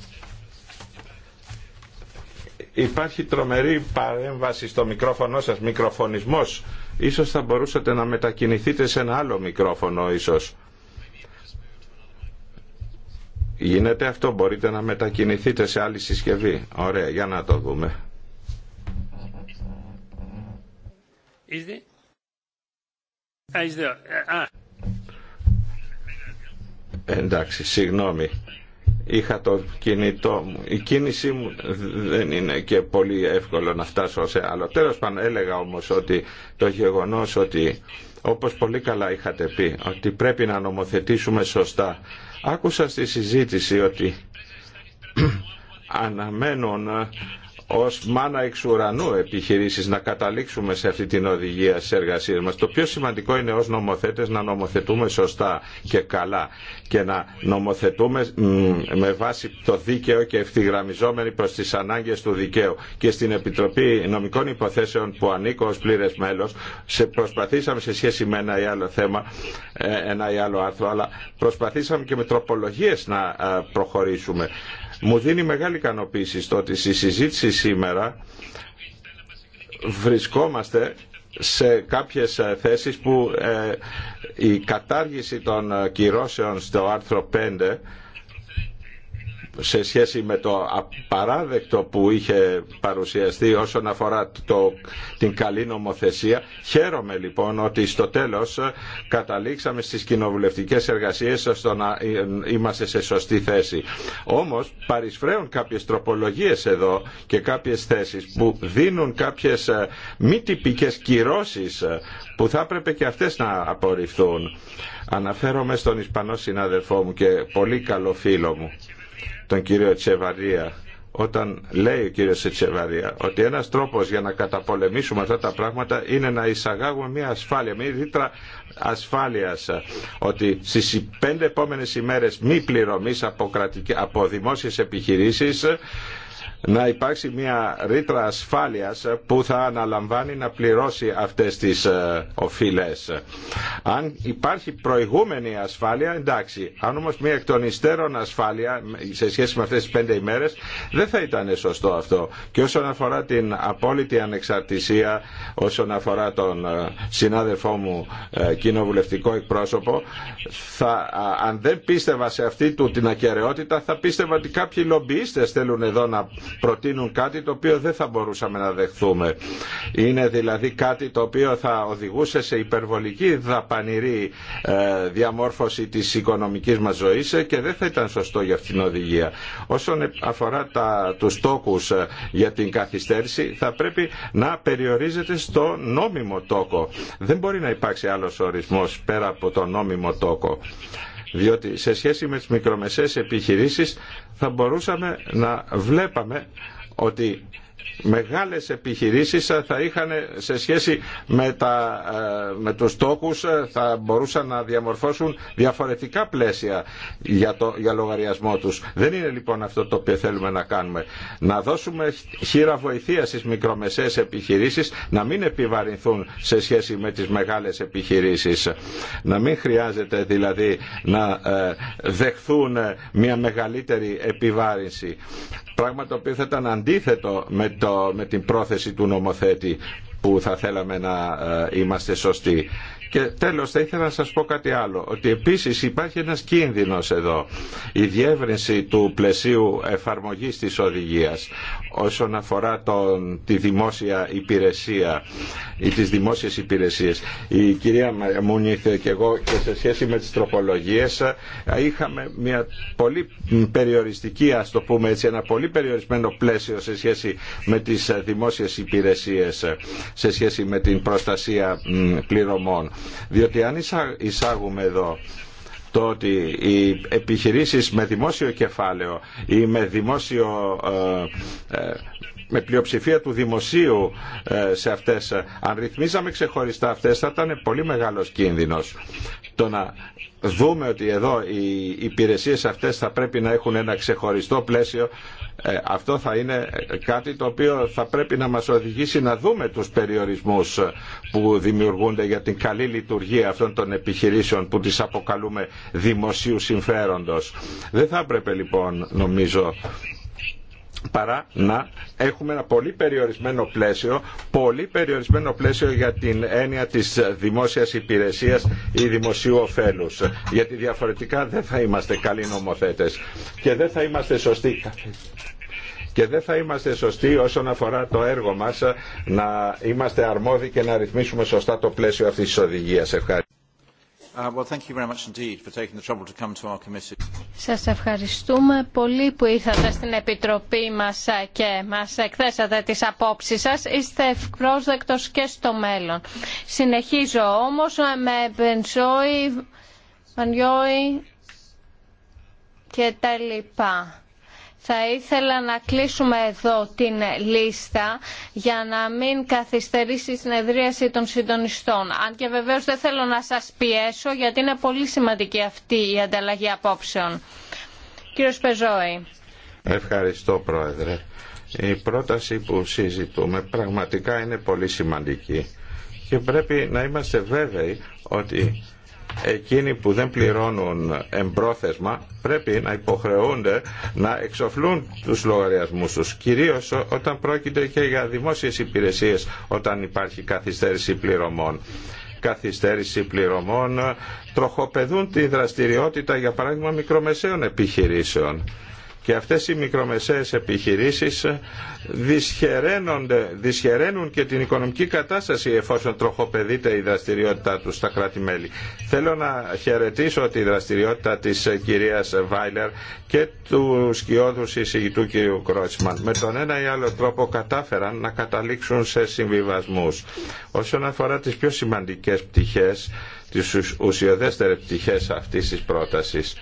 υπάρχει τρομερή παρέμβαση στο μικρόφωνο σας, μικροφωνισμός. Ίσως θα μπορούσατε να μετακινηθείτε σε ένα άλλο μικρόφωνο ίσως. Γίνεται αυτό, μπορείτε να μετακινηθείτε σε άλλη συσκευή. Ωραία, για να το δούμε. Ah, ah, ah. Εντάξει, συγγνώμη. Είχα το κινητό μου. Η κίνησή μου δεν είναι και πολύ εύκολο να φτάσω σε άλλο. Τέλος πάντων έλεγα όμως ότι το γεγονός ότι όπως πολύ καλά είχατε πει, ότι πρέπει να νομοθετήσουμε σωστά. Άκουσα στη συζήτηση ότι να ως μάνα εξ ουρανού επιχειρήσεις να καταλήξουμε σε αυτή την οδηγία στις εργασίες μας. Το πιο σημαντικό είναι ως νομοθέτες να νομοθετούμε σωστά και καλά και να νομοθετούμε με βάση το δίκαιο και ευθυγραμμιζόμενοι προς τις ανάγκες του δικαίου. Και στην Επιτροπή Νομικών Υποθέσεων που ανήκω ως πλήρες μέλος σε προσπαθήσαμε σε σχέση με ένα ή άλλο θέμα, ε, ένα ή άλλο άρθρο, αλλά προσπαθήσαμε και με τροπολογίες να ε, προχωρήσουμε. Μου δίνει μεγάλη ικανοποίηση στο ότι στη συζήτηση σήμερα βρισκόμαστε σε κάποιες ε, θέσεις που ε, η κατάργηση των ε, κυρώσεων στο άρθρο 5 σε σχέση με το απαράδεκτο που είχε παρουσιαστεί όσον αφορά το, την καλή νομοθεσία. Χαίρομαι λοιπόν ότι στο τέλος καταλήξαμε στις κοινοβουλευτικές εργασίες ώστε να είμαστε σε σωστή θέση. Όμως παρισφρέουν κάποιες τροπολογίες εδώ και κάποιες θέσεις που δίνουν κάποιες ε, μη τυπικές κυρώσεις ε, που θα έπρεπε και αυτές να απορριφθούν. Αναφέρομαι στον Ισπανό συνάδελφό μου και πολύ καλό φίλο μου τον κύριο Τσεβαρία όταν λέει ο κύριος Ετσεβαρία ότι ένας τρόπος για να καταπολεμήσουμε αυτά τα πράγματα είναι να εισαγάγουμε μια ασφάλεια, μια ρήτρα ασφάλειας ότι στις πέντε επόμενες ημέρες μη πληρωμής από, από επιχειρήσεις να υπάρξει μια ρήτρα ασφάλειας που θα αναλαμβάνει να πληρώσει αυτές τις ε, οφειλές. Αν υπάρχει προηγούμενη ασφάλεια, εντάξει. Αν όμως μια εκ των υστέρων ασφάλεια σε σχέση με αυτές τις πέντε ημέρες, δεν θα ήταν σωστό αυτό. Και όσον αφορά την απόλυτη ανεξαρτησία, όσον αφορά τον ε, συνάδελφό μου ε, κοινοβουλευτικό εκπρόσωπο, θα, αν δεν πίστευα σε αυτή του την ακαιρεότητα, θα πίστευα ότι κάποιοι λομπιίστες θέλουν εδώ να προτείνουν κάτι το οποίο δεν θα μπορούσαμε να δεχθούμε. Είναι δηλαδή κάτι το οποίο θα οδηγούσε σε υπερβολική δαπανηρή ε, διαμόρφωση της οικονομικής μας ζωής και δεν θα ήταν σωστό για αυτήν την οδηγία. Όσον αφορά τα, τους τόκους ε, για την καθυστέρηση θα πρέπει να περιορίζεται στο νόμιμο τόκο. Δεν μπορεί να υπάρξει άλλος ορισμός πέρα από το νόμιμο τόκο διότι σε σχέση με τις μικρομεσαίες επιχειρήσεις θα μπορούσαμε να βλέπαμε ότι μεγάλες επιχειρήσεις θα είχαν σε σχέση με, τα, ε, με τους τόκους ε, θα μπορούσαν να διαμορφώσουν διαφορετικά πλαίσια για, το, για λογαριασμό τους. Δεν είναι λοιπόν αυτό το οποίο θέλουμε να κάνουμε. Να δώσουμε χείρα βοηθεία στις μικρομεσαίες επιχειρήσεις να μην επιβαρυνθούν σε σχέση με τις μεγάλες επιχειρήσεις. Να μην χρειάζεται δηλαδή να ε, δεχθούν μια μεγαλύτερη επιβάρυνση. Πράγμα το οποίο θα ήταν αντίθετο με με, το, με την πρόθεση του νομοθέτη που θα θέλαμε να ε, είμαστε σωστοί. Και τέλος θα ήθελα να σας πω κάτι άλλο, ότι επίσης υπάρχει ένας κίνδυνος εδώ, η διεύρυνση του πλαισίου εφαρμογής της οδηγίας όσον αφορά τον, τη δημόσια υπηρεσία ή τις δημόσιες υπηρεσίες. Η κυρία Μούνιθ και εγώ και σε σχέση με τις τροπολογίες ε, είχαμε μια πολύ περιοριστική, ας το πούμε έτσι, ένα πολύ περιορισμένο πλαίσιο σε σχέση με τις ε, δημόσιες υπηρεσίες, ε, σε σχέση με την προστασία πληρωμών. Διότι αν εισάγουμε εδώ το ότι οι επιχειρήσεις με δημόσιο κεφάλαιο ή με δημόσιο ε, ε, με πλειοψηφία του δημοσίου ε, σε αυτές. Αν ρυθμίζαμε ξεχωριστά αυτές θα ήταν πολύ μεγάλος κίνδυνος. Το να δούμε ότι εδώ οι υπηρεσίες αυτές θα πρέπει να έχουν ένα ξεχωριστό πλαίσιο ε, αυτό θα είναι κάτι το οποίο θα πρέπει να μας οδηγήσει να δούμε τους περιορισμούς που δημιουργούνται για την καλή λειτουργία αυτών των επιχειρήσεων που τις αποκαλούμε δημοσίου συμφέροντος. Δεν θα έπρεπε λοιπόν νομίζω παρά να έχουμε ένα πολύ περιορισμένο πλαίσιο, πολύ περιορισμένο πλαίσιο για την έννοια της δημόσιας υπηρεσίας ή δημοσίου ωφέλους. Γιατί διαφορετικά δεν θα είμαστε καλοί νομοθέτες και δεν θα είμαστε σωστοί και δεν θα είμαστε σωστοί όσον αφορά το έργο μας να είμαστε αρμόδιοι και να ρυθμίσουμε σωστά το πλαίσιο αυτής της οδηγίας. Ευχαριστώ. Σας ευχαριστούμε πολύ που ήρθατε στην Επιτροπή μας ε, και μας εκθέσατε τις απόψεις σας. Είστε ευπρόσδεκτος και στο μέλλον. Συνεχίζω όμως με Μπενζόη, Βανιόη και τα λοιπά. Θα ήθελα να κλείσουμε εδώ την λίστα για να μην καθυστερήσει η συνεδρίαση των συντονιστών. Αν και βεβαίως δεν θέλω να σας πιέσω γιατί είναι πολύ σημαντική αυτή η ανταλλαγή απόψεων. Κύριος Πεζόη. Ευχαριστώ Πρόεδρε. Η πρόταση που συζητούμε πραγματικά είναι πολύ σημαντική και πρέπει να είμαστε βέβαιοι ότι εκείνοι που δεν πληρώνουν εμπρόθεσμα πρέπει να υποχρεούνται να εξοφλούν τους λογαριασμούς τους κυρίως όταν πρόκειται και για δημόσιες υπηρεσίες όταν υπάρχει καθυστέρηση πληρωμών καθυστέρηση πληρωμών τροχοπεδούν τη δραστηριότητα για παράδειγμα μικρομεσαίων επιχειρήσεων και αυτές οι μικρομεσαίες επιχειρήσεις δυσχεραίνουν και την οικονομική κατάσταση εφόσον τροχοπεδείται η δραστηριότητά τους στα κράτη-μέλη. Θέλω να χαιρετήσω τη δραστηριότητα της κυρίας Βάιλερ και του σκιώδου συζητητού κ. Κρότσμαν. Με τον ένα ή άλλο τρόπο κατάφεραν να καταλήξουν σε συμβιβασμούς. Όσον αφορά τις πιο σημαντικές πτυχές, τις ουσιοδέστερες πτυχές αυτής της πρότασης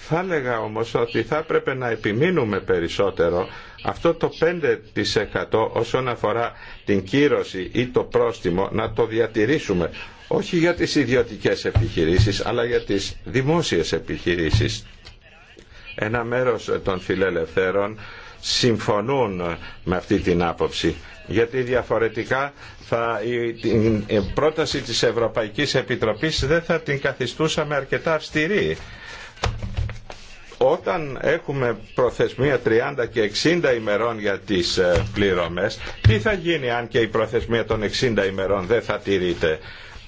θα έλεγα όμως ότι θα έπρεπε να επιμείνουμε περισσότερο αυτό το 5% όσον αφορά την κύρωση ή το πρόστιμο να το διατηρήσουμε όχι για τις ιδιωτικές επιχειρήσεις αλλά για τις δημόσιες επιχειρήσεις. Ένα μέρος των φιλελευθέρων συμφωνούν με αυτή την άποψη γιατί διαφορετικά θα, η, πρόταση της Ευρωπαϊκής Επιτροπής δεν θα την καθιστούσαμε αρκετά αυστηρή όταν έχουμε προθεσμία 30 και 60 ημερών για τις ε, πληρωμές, τι θα γίνει αν και η προθεσμία των 60 ημερών δεν θα τηρείται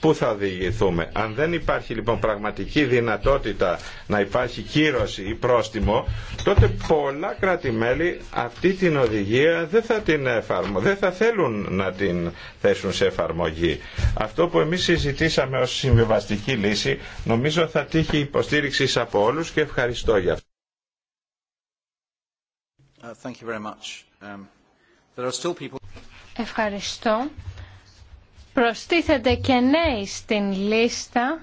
πού θα οδηγηθούμε. Αν δεν υπάρχει λοιπόν πραγματική δυνατότητα να υπάρχει κύρωση ή πρόστιμο, τότε πολλά κράτη-μέλη αυτή την οδηγία δεν θα, την εφαρμο... δεν θα θέλουν να την θέσουν σε εφαρμογή. Αυτό που εμείς συζητήσαμε ως συμβιβαστική λύση νομίζω θα τύχει υποστήριξη από όλους και ευχαριστώ για αυτό. Ευχαριστώ προστίθεται και νέοι στην λίστα.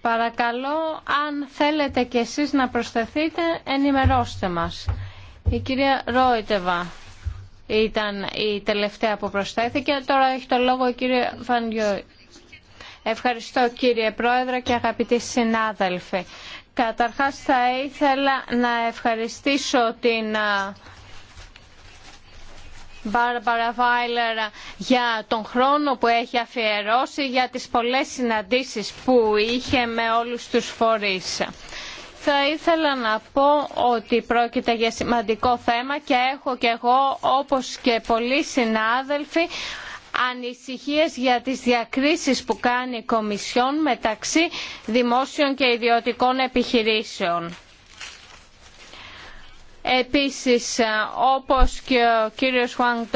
Παρακαλώ, αν θέλετε κι εσείς να προσθεθείτε, ενημερώστε μας. Η κυρία Ρόιτεβα ήταν η τελευταία που προσθέθηκε. Τώρα έχει το λόγο η κυρία Ευχαριστώ κύριε Πρόεδρε και αγαπητοί συνάδελφοι. Καταρχάς θα ήθελα να ευχαριστήσω την Μπάρμπαρα Βάιλερ για τον χρόνο που έχει αφιερώσει, για τις πολλές συναντήσεις που είχε με όλους τους φορείς. Θα ήθελα να πω ότι πρόκειται για σημαντικό θέμα και έχω και εγώ, όπως και πολλοί συνάδελφοι, ανησυχίες για τις διακρίσεις που κάνει η Κομισιόν μεταξύ δημόσιων και ιδιωτικών επιχειρήσεων Επίσης, ε, όπως και ο κύριος Χουάνγκ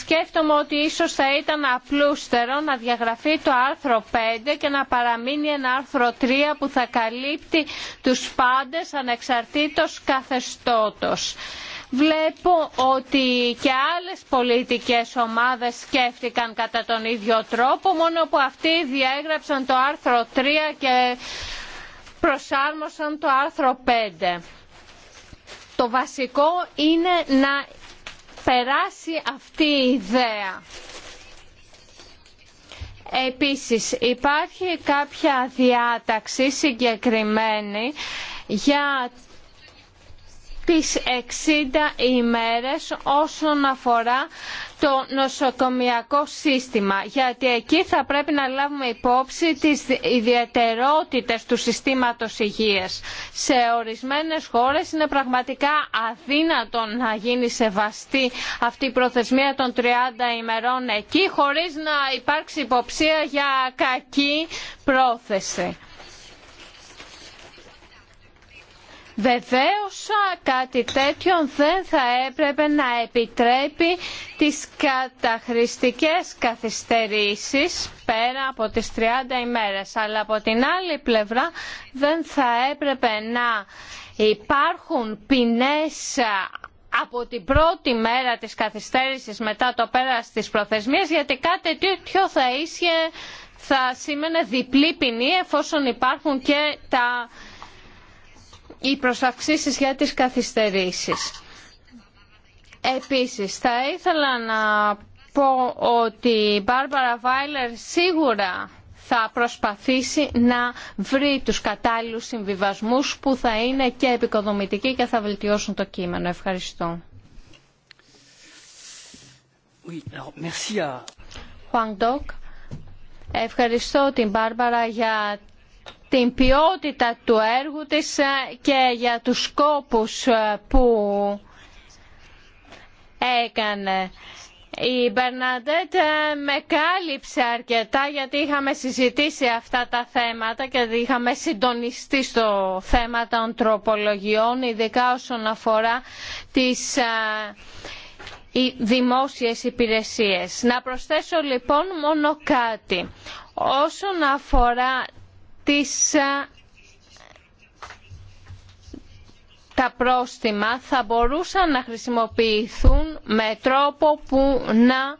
σκέφτομαι ότι ίσως θα ήταν απλούστερο να διαγραφεί το άρθρο 5 και να παραμείνει ένα άρθρο 3 που θα καλύπτει τους πάντες ανεξαρτήτως καθεστώτος. Βλέπω ότι και άλλες πολιτικές ομάδες σκέφτηκαν κατά τον ίδιο τρόπο, μόνο που αυτοί διέγραψαν το άρθρο 3 και προσάρμοσαν το άρθρο 5 το βασικό είναι να περάσει αυτή η ιδέα. Επίσης υπάρχει κάποια διάταξη συγκεκριμένη για τις 60 ημέρες όσον αφορά το νοσοκομιακό σύστημα, γιατί εκεί θα πρέπει να λάβουμε υπόψη τις ιδιαιτερότητες του συστήματος υγείας. Σε ορισμένες χώρες είναι πραγματικά αδύνατο να γίνει σεβαστή αυτή η προθεσμία των 30 ημερών εκεί, χωρίς να υπάρξει υποψία για κακή πρόθεση. Βεβαίως κάτι τέτοιο δεν θα έπρεπε να επιτρέπει τις καταχρηστικές καθυστερήσεις πέρα από τις 30 ημέρες. Αλλά από την άλλη πλευρά δεν θα έπρεπε να υπάρχουν ποινές από την πρώτη μέρα της καθυστέρησης μετά το πέρας της προθεσμίας γιατί κάτι τέτοιο θα ίσχυε θα σήμαινε διπλή ποινή εφόσον υπάρχουν και τα οι προσαυξήσεις για τις καθυστερήσεις. Επίσης, θα ήθελα να πω ότι η Μπάρμπαρα Βάιλερ σίγουρα θα προσπαθήσει να βρει τους κατάλληλους συμβιβασμούς που θα είναι και επικοδομητικοί και θα βελτιώσουν το κείμενο. Ευχαριστώ. Ευχαριστώ την Μπάρμπαρα για την ποιότητα του έργου της ε, και για τους σκόπους ε, που έκανε. Η Μπερναντέτ ε, με κάλυψε αρκετά γιατί είχαμε συζητήσει αυτά τα θέματα και είχαμε συντονιστεί στο θέμα των τροπολογιών, ειδικά όσον αφορά τις οι δημόσιες υπηρεσίες. Να προσθέσω λοιπόν μόνο κάτι. Όσον αφορά τις ε, τα πρόστιμα θα μπορούσαν να χρησιμοποιηθούν με τρόπο που να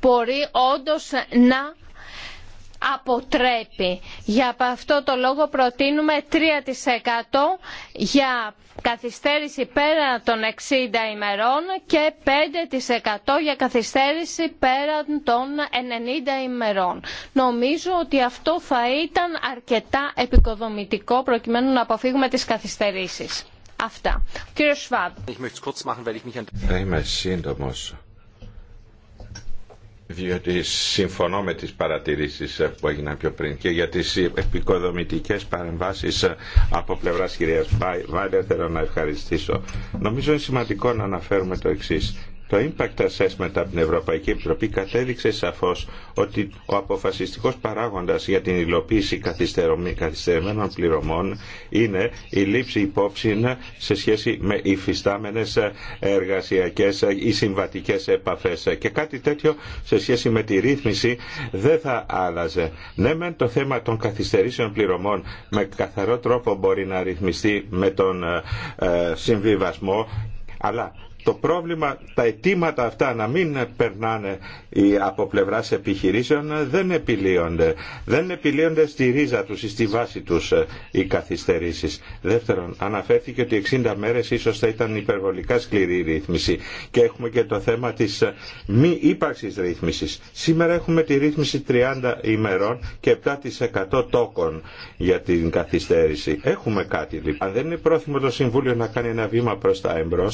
μπορεί όντως να αποτρέπει. Για αυτό το λόγο προτείνουμε 3% για καθυστέρηση πέρα των 60 ημερών και 5% για καθυστέρηση πέραν των 90 ημερών. Νομίζω ότι αυτό θα ήταν αρκετά επικοδομητικό προκειμένου να αποφύγουμε τις καθυστερήσεις. Αυτά. Κύριε Σβάμπ. Θα είμαι σύντομος διότι συμφωνώ με τις παρατηρήσεις ε, που έγιναν πιο πριν και για τις επικοδομητικές παρεμβάσεις ε, από πλευράς κυρίας Βάιλερ θέλω να ευχαριστήσω. Νομίζω είναι σημαντικό να αναφέρουμε το εξής. Το impact assessment από την Ευρωπαϊκή Επιτροπή κατέδειξε σαφώς ότι ο αποφασιστικός παράγοντας για την υλοποίηση καθυστερημένων πληρωμών είναι η λήψη υπόψη σε σχέση με υφιστάμενες εργασιακές ή συμβατικές επαφές. Και κάτι τέτοιο σε σχέση με τη ρύθμιση δεν θα άλλαζε. Ναι, μεν το θέμα των καθυστερήσεων πληρωμών με καθαρό τρόπο μπορεί να ρυθμιστεί με τον ε, συμβιβασμό αλλά το πρόβλημα, τα αιτήματα αυτά να μην περνάνε από πλευρά επιχειρήσεων δεν επιλύονται. Δεν επιλύονται στη ρίζα του ή στη βάση τους οι καθυστερήσεις. Δεύτερον, αναφέρθηκε ότι 60 μέρες ίσως θα ήταν υπερβολικά σκληρή η ρύθμιση και έχουμε και το θέμα της μη ύπαρξης ρύθμισης. Σήμερα έχουμε τη ρύθμιση 30 ημερών και 7% τόκων για την καθυστέρηση. Έχουμε κάτι λοιπόν. Αν δεν είναι πρόθυμο το Συμβούλιο να κάνει ένα βήμα προς τα εμπρό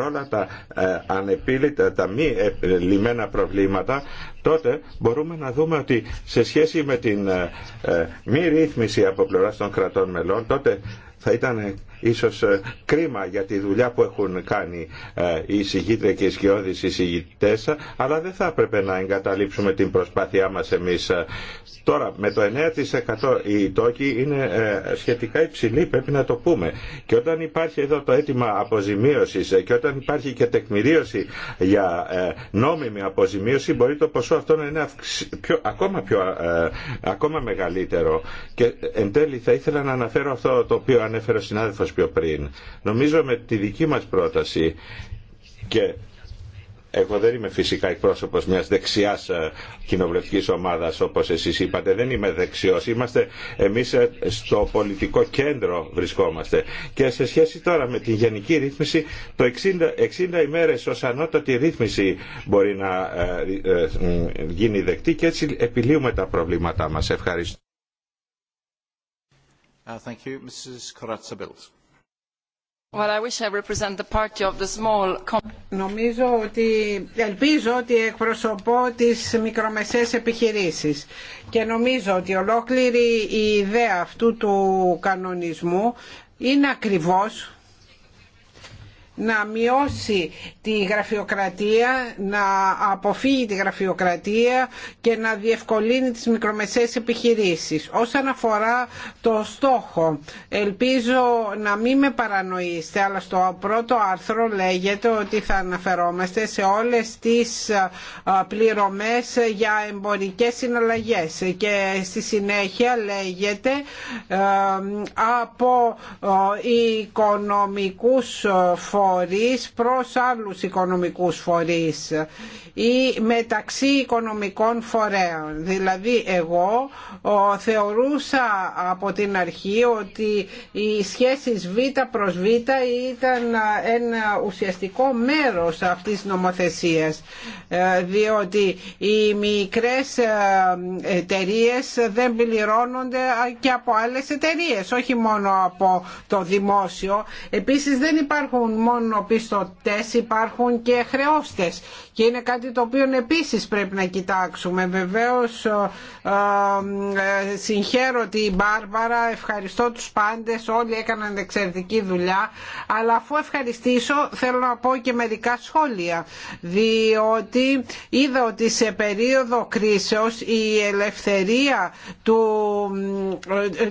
όλα τα ε, ανεπίλητα, τα μη ε, λιμένα προβλήματα, τότε μπορούμε να δούμε ότι σε σχέση με την ε, μη ρύθμιση από πλευρά των κρατών μελών, τότε θα ήταν ίσως ε, κρίμα για τη δουλειά που έχουν κάνει ε, οι συγγήτρια και οι σκιώδεις εισηγητές, αλλά δεν θα έπρεπε να εγκαταλείψουμε την προσπάθειά μας εμείς. Τώρα, με το 9% η τόκη είναι ε, σχετικά υψηλή, πρέπει να το πούμε. Και όταν υπάρχει εδώ το αίτημα αποζημίωσης και όταν υπάρχει και τεκμηρίωση για νόμιμη αποζημίωση, μπορεί το ποσό αυτό να είναι ακόμα, πιο, ακόμα μεγαλύτερο. Και εν τέλει θα ήθελα να αναφέρω αυτό το οποίο ανέφερε ο συνάδελφος πιο πριν. Νομίζω με τη δική μας πρόταση και εγώ δεν είμαι φυσικά εκπρόσωπο μια δεξιά ε, κοινοβουλευτική ομάδα όπω εσεί είπατε. Δεν είμαι δεξιό. Είμαστε εμεί ε, στο πολιτικό κέντρο βρισκόμαστε. Και σε σχέση τώρα με τη γενική ρύθμιση, το 60, 60 ημέρε ω ανώτατη ρύθμιση μπορεί να ε, γίνει δεκτή και έτσι επιλύουμε τα προβλήματά μα. Ευχαριστώ. Uh, thank you, Mrs. Νομίζω ότι, ελπίζω ότι εκπροσωπώ τις μικρομεσαίες επιχειρήσεις και νομίζω ότι ολόκληρη η ιδέα αυτού του κανονισμού είναι ακριβώς να μειώσει τη γραφειοκρατία, να αποφύγει τη γραφειοκρατία και να διευκολύνει τις μικρομεσαίες επιχειρήσεις. Όσον αφορά το στόχο, ελπίζω να μην με παρανοήσετε, αλλά στο πρώτο άρθρο λέγεται ότι θα αναφερόμαστε σε όλες τις πληρωμές για εμπορικές συναλλαγές και στη συνέχεια λέγεται ε, από ε, οικονομικούς φόρους ε, φορείς προς άλλους οικονομικούς φορείς ή μεταξύ οικονομικών φορέων. Δηλαδή εγώ θεωρούσα από την αρχή ότι οι σχέσεις Β προς Β ήταν ένα ουσιαστικό μέρος αυτής της νομοθεσίας ε, διότι οι μικρές ε, εταιρείε δεν πληρώνονται και από άλλες εταιρείε, όχι μόνο από το δημόσιο. Επίσης δεν υπάρχουν μόνο πιστωτές υπάρχουν και χρεώστες και είναι κάτι το οποίο επίσης πρέπει να κοιτάξουμε. Βεβαίως ε, συγχαίρω τη Μπάρμπαρα, ευχαριστώ τους πάντες, όλοι έκαναν εξαιρετική δουλειά, αλλά αφού ευχαριστήσω θέλω να πω και μερικά σχόλια, διότι είδα ότι σε περίοδο κρίσεως η ελευθερία του,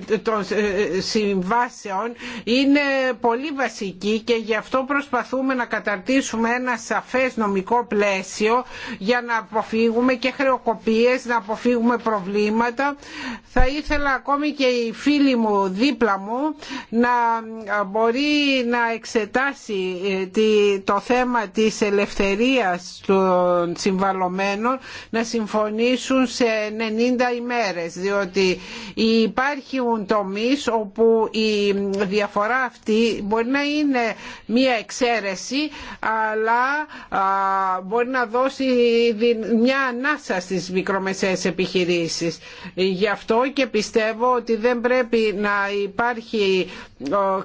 ε, των ε, συμβάσεων είναι πολύ βασική και γι' αυτό προσπαθούμε να καταρτήσουμε ένα σαφές νομικό πλαίσιο για να αποφύγουμε και χρεοκοπίες, να αποφύγουμε προβλήματα. Θα ήθελα ακόμη και η φίλη μου δίπλα μου να ε, μπορεί να εξετάσει ε, το θέμα της ελευθερίας των συμβαλωμένων να συμφωνήσουν σε 90 ημέρες διότι υπάρχουν τομείς όπου η διαφορά αυτή μπορεί να είναι μία εξαίρεση αλλά μπορεί να δώσει μια ανάσα στις μικρομεσαίες επιχειρήσεις. Γι' αυτό και πιστεύω ότι δεν πρέπει να υπάρχει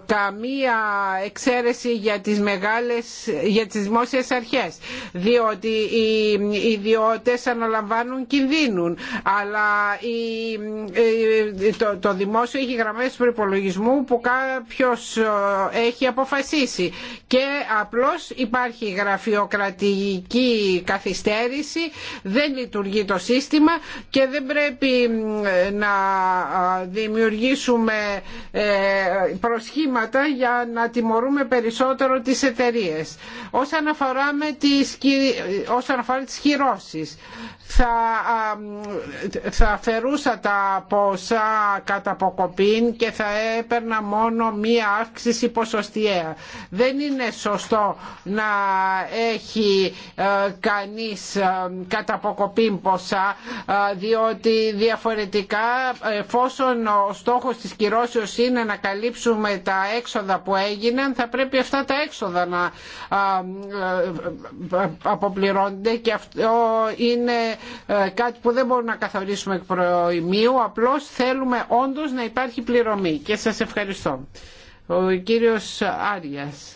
καμία εξαίρεση για τις μεγάλες, για τις δημόσιες αρχές. Διότι οι ιδιώτες αναλαμβάνουν κινδύνουν. Αλλά το, το δημόσιο έχει γραμμές προπολογισμού που κάποιος έχει αποφασίσει. Και απλώς υπάρχει γραφειοκρατική η καθυστέρηση, δεν λειτουργεί το σύστημα και δεν πρέπει να δημιουργήσουμε ε, προσχήματα για να τιμωρούμε περισσότερο τις εταιρείες. Όσον αφορά, τις, ε, όσον αφορά τις χειρώσεις, θα, θα αφαιρούσα τα ποσά κατά αποκοπήν και θα έπαιρνα μόνο μία αύξηση ποσοστιαία. Δεν είναι σωστό να έχει ε, κανείς ε, κατά αποκοπήν ποσά ε, διότι διαφορετικά εφόσον ο στόχος της κυρώσεως είναι να καλύψουμε τα έξοδα που έγιναν θα πρέπει αυτά τα έξοδα να αποπληρώνονται και αυτό είναι ε, κάτι που δεν μπορούμε να καθορίσουμε εκ προημίου, απλώς θέλουμε όντως να υπάρχει πληρωμή και σας ευχαριστώ. Ο κύριος Άριας.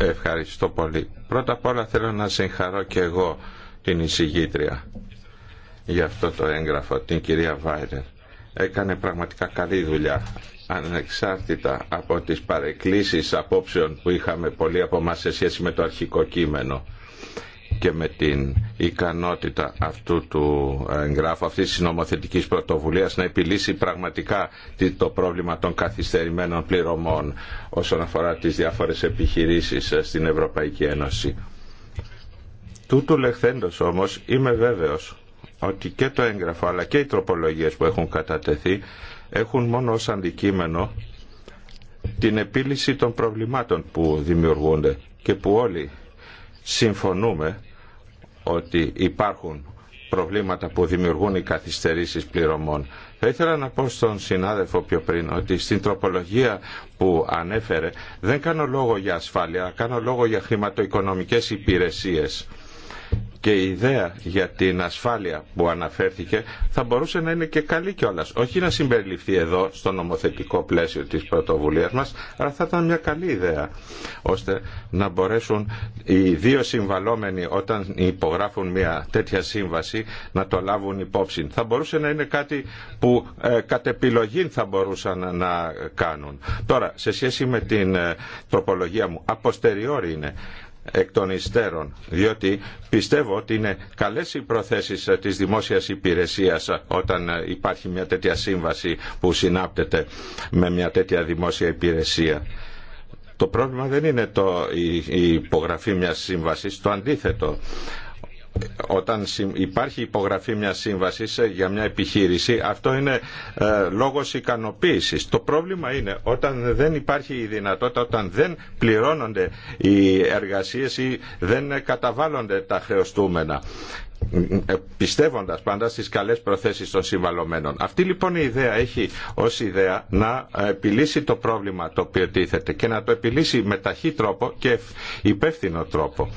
Ευχαριστώ πολύ. Πρώτα απ' όλα θέλω να συγχαρώ και εγώ την εισηγήτρια για αυτό το έγγραφο, την κυρία Βάιρερ. Έκανε πραγματικά καλή δουλειά ανεξάρτητα από τις παρεκκλήσεις απόψεων που είχαμε πολλοί από εμάς σε σχέση με το αρχικό κείμενο και με την ικανότητα αυτού του εγγράφου, αυτής της νομοθετικής πρωτοβουλίας να επιλύσει πραγματικά το πρόβλημα των καθυστερημένων πληρωμών όσον αφορά τις διάφορες επιχειρήσεις ε, στην Ευρωπαϊκή Ένωση. Τούτου λεχθέντος όμως είμαι βέβαιος ότι και το έγγραφο αλλά και οι τροπολογίες που έχουν κατατεθεί έχουν μόνο ως αντικείμενο την επίλυση των προβλημάτων που δημιουργούνται και που όλοι συμφωνούμε ότι υπάρχουν προβλήματα που δημιουργούν οι καθυστερήσεις πληρωμών. Θα ήθελα να πω στον συνάδελφο πιο πριν ότι στην τροπολογία που ανέφερε δεν κάνω λόγο για ασφάλεια, κάνω λόγο για χρηματοοικονομικές υπηρεσίες και η ιδέα για την ασφάλεια που αναφέρθηκε θα μπορούσε να είναι και καλή κιόλα. Όχι να συμπεριληφθεί εδώ στο νομοθετικό πλαίσιο της πρωτοβουλίας μας, αλλά θα ήταν μια καλή ιδέα, ώστε να μπορέσουν οι δύο συμβαλόμενοι όταν υπογράφουν μια τέτοια σύμβαση να το λάβουν υπόψη. Θα μπορούσε να είναι κάτι που ε, κατ' επιλογή θα μπορούσαν να κάνουν. Τώρα, σε σχέση με την ε, τροπολογία μου, αποστεριόρι είναι εκ των υστέρων, διότι πιστεύω ότι είναι καλές οι προθέσεις ε, της δημόσιας υπηρεσίας ε, όταν ε, υπάρχει μια τέτοια σύμβαση που συνάπτεται με μια τέτοια δημόσια υπηρεσία. Το πρόβλημα δεν είναι το, η, η υπογραφή μιας σύμβασης, το αντίθετο όταν υπάρχει υπογραφή μια σύμβαση ε, για μια επιχείρηση αυτό είναι ε, λόγος ικανοποίησης. Το πρόβλημα είναι όταν δεν υπάρχει η δυνατότητα, όταν δεν πληρώνονται οι εργασίες ή δεν καταβάλλονται τα χρεωστούμενα. Ε, Πιστεύοντα πάντα στι καλές προθέσεις των συμβαλωμένων. Αυτή λοιπόν η ιδέα έχει ως ιδέα να επιλύσει το πρόβλημα το οποίο τίθεται και να το επιλύσει με ταχύ τρόπο και υπεύθυνο τρόπο.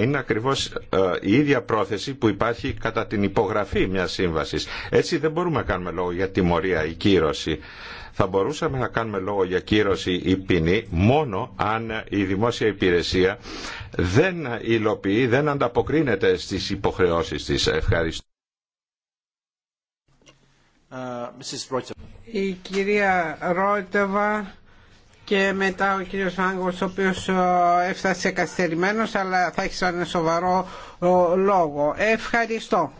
Είναι ακριβώ ε, η ίδια πρόθεση που υπάρχει κατά την υπογραφή μια σύμβασης. Έτσι δεν μπορούμε να κάνουμε λόγο για τιμωρία ή κύρωση θα μπορούσαμε να κάνουμε λόγο για κύρωση ή ποινή μόνο αν η δημόσια υπηρεσία δεν υλοποιεί, δεν ανταποκρίνεται στις υποχρεώσεις της. Ευχαριστώ. Η κυρία Ρότεβα και μετά ο κύριος Άγγος, ο οποίος ε, έφτασε καθυστερημένος αλλά θα έχει σαν σοβαρό ε, λόγο. Ευχαριστώ.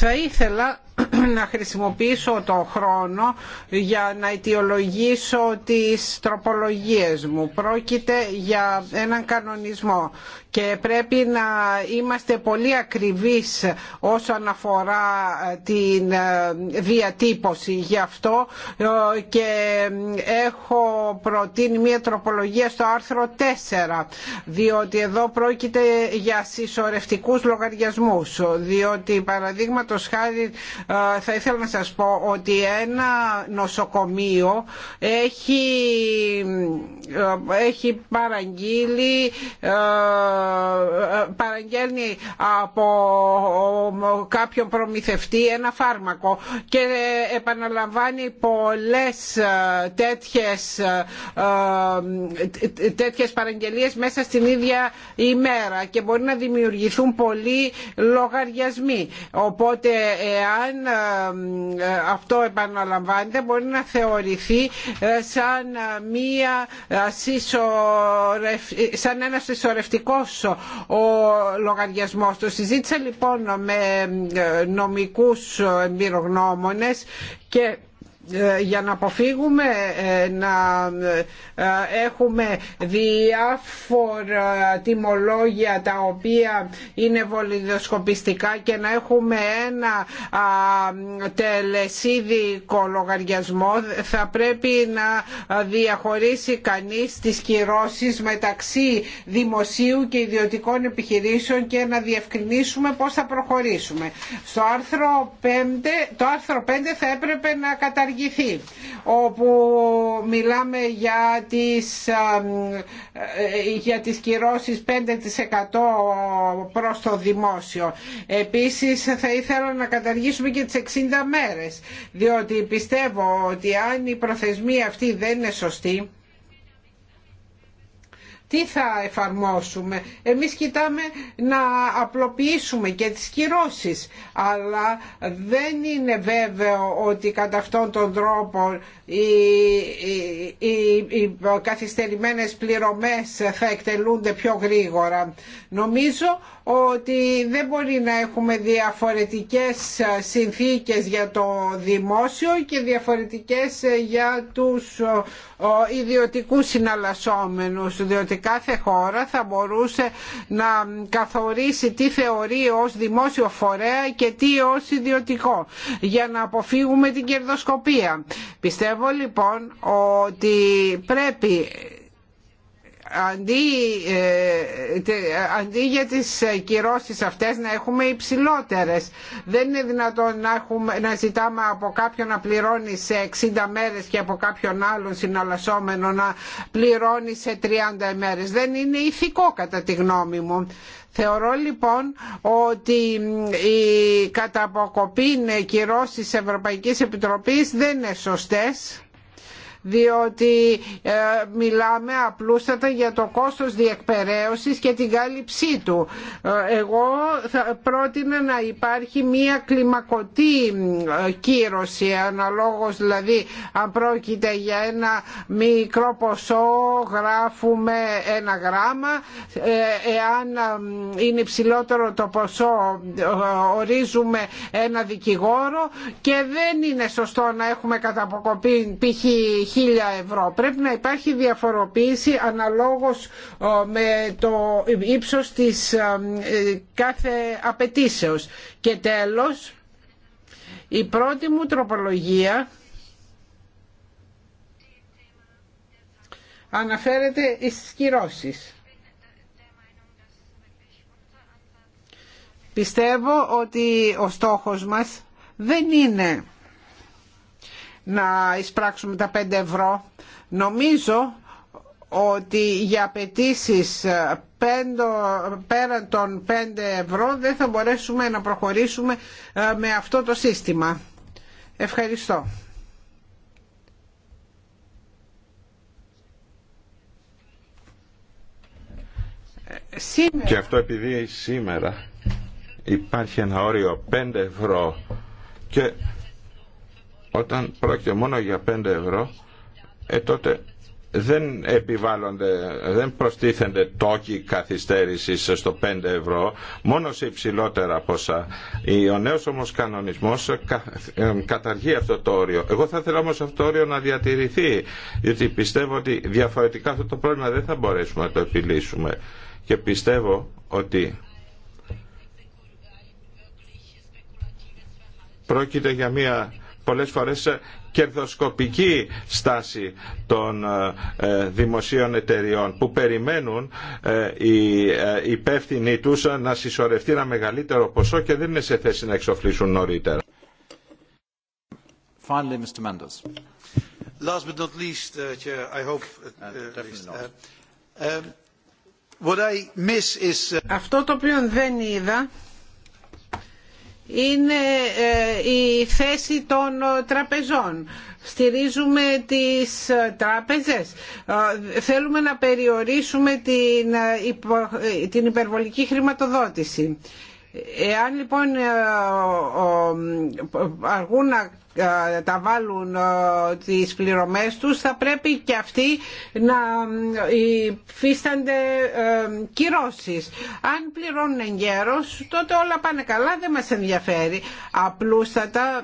Θα ήθελα να χρησιμοποιήσω το χρόνο για να αιτιολογήσω τις τροπολογίες μου. Πρόκειται για έναν κανονισμό και πρέπει να είμαστε πολύ ακριβείς όσον αφορά την ε, διατύπωση. Γι' αυτό ε, και έχω προτείνει μια τροπολογία στο άρθρο 4, διότι εδώ πρόκειται για συσσωρευτικούς λογαριασμούς, διότι παραδείγμα χάρη θα ήθελα να σας πω ότι ένα νοσοκομείο έχει, έχει παραγγείλει παραγγέλνει από κάποιον προμηθευτή ένα φάρμακο και επαναλαμβάνει πολλές τέτοιες, τέτοιες παραγγελίες μέσα στην ίδια ημέρα και μπορεί να δημιουργηθούν πολλοί λογαριασμοί. Οπότε Οπότε εάν ε, αυτό επαναλαμβάνεται μπορεί να θεωρηθεί ε, σαν, μία, ε, σαν ένας συσσωρευτικός ο λογαριασμός του. Συζήτησα λοιπόν με νομικούς εμπειρογνώμονες και ε, για να αποφύγουμε ε, να ε, έχουμε διάφορα τιμολόγια τα οποία είναι βολιδοσκοπιστικά και να έχουμε ένα τελεσίδικο λογαριασμό θα πρέπει να διαχωρίσει κανείς τις κυρώσεις μεταξύ δημοσίου και ιδιωτικών επιχειρήσεων και να διευκρινίσουμε πώς θα προχωρήσουμε. Στο άρθρο 5, το άρθρο 5 θα έπρεπε να καταργηθεί όπου μιλάμε για τις, ε, ε, για τις κυρώσεις 5% προς το δημόσιο. Επίσης θα ήθελα να καταργήσουμε και τις 60 μέρες διότι πιστεύω ότι αν η προθεσμία αυτή δεν είναι σωστή τι θα εφαρμόσουμε. Εμείς κοιτάμε να απλοποιήσουμε και τις κυρώσεις, αλλά δεν είναι βέβαιο ότι κατά αυτόν τον τρόπο οι, οι, οι, καθυστερημένες πληρωμές θα εκτελούνται πιο γρήγορα. Νομίζω ότι δεν μπορεί να έχουμε διαφορετικές συνθήκες για το δημόσιο και διαφορετικές για τους ιδιωτικού συναλλασσόμενους διότι κάθε χώρα θα μπορούσε να καθορίσει τι θεωρεί ως δημόσιο φορέα και τι ως ιδιωτικό για να αποφύγουμε την κερδοσκοπία. Πιστεύω λοιπόν ότι πρέπει αντί, ε, αντί για τις ε, κυρώσεις αυτές να έχουμε υψηλότερες. Δεν είναι δυνατόν να, έχουμε, να ζητάμε από κάποιον να πληρώνει σε 60 μέρες και από κάποιον άλλον συναλλασσόμενο να πληρώνει σε 30 μέρες. Δεν είναι ηθικό κατά τη γνώμη μου. Θεωρώ λοιπόν ότι οι καταποκοπήν ναι, κυρώσεις Ευρωπαϊκής Επιτροπής δεν είναι σωστές διότι ε, μιλάμε απλούστατα για το κόστος διεκπαιρέωσης και την κάλυψή του. Ε, εγώ θα πρότεινα να υπάρχει μία κλιμακωτή ε, κύρωση αναλόγως δηλαδή αν πρόκειται για ένα μικρό ποσό γράφουμε ένα γράμμα εάν είναι υψηλότερο το ποσό ορίζουμε ένα δικηγόρο και δεν είναι σωστό να έχουμε καταποκοπή αποκοπή π.χ χίλια ευρώ. Πρέπει να υπάρχει διαφοροποίηση αναλόγως με το ύψος της ε, κάθε απαιτήσεως. Και τέλος, η πρώτη μου τροπολογία αναφέρεται στις κυρώσεις. Πιστεύω ότι ο στόχος μας δεν είναι να εισπράξουμε τα 5 ευρώ. Νομίζω ότι για απαιτήσει πέραν των 5 ευρώ δεν θα μπορέσουμε να προχωρήσουμε ε, με αυτό το σύστημα. Ευχαριστώ. Και αυτό επειδή σήμερα υπάρχει ένα όριο 5 ευρώ και όταν πρόκειται μόνο για 5 ευρώ, ε, τότε δεν επιβάλλονται, δεν προστίθενται τόκοι καθυστέρησης στο 5 ευρώ, μόνο σε υψηλότερα ποσά. Ο νέος όμως κανονισμός ε, καταργεί αυτό το όριο. Εγώ θα ήθελα όμως αυτό το όριο να διατηρηθεί, διότι πιστεύω ότι διαφορετικά αυτό το πρόβλημα δεν θα μπορέσουμε να το επιλύσουμε. Και πιστεύω ότι πρόκειται για μια πολλές φορές ε, κερδοσκοπική στάση των ε, ε, δημοσίων εταιριών που περιμένουν οι υπεύθυνοι τους να συσσωρευτεί ένα μεγαλύτερο ποσό και δεν είναι σε θέση να εξοφλήσουν νωρίτερα. Finally, Mr. Last but not least, uh, I hope... Αυτό το οποίο δεν είδα είναι ε, η θέση των ε, τραπεζών. Στηρίζουμε τις ε, τράπεζες. Θέλουμε να περιορίσουμε την, υπερβολική χρηματοδότηση. Εάν λοιπόν αργούν τα βάλουν τις πληρωμές τους θα πρέπει και αυτοί να υφίστανται κυρώσεις. Αν πληρώνουν εγκαίρως τότε όλα πάνε καλά, δεν μας ενδιαφέρει. Απλούστατα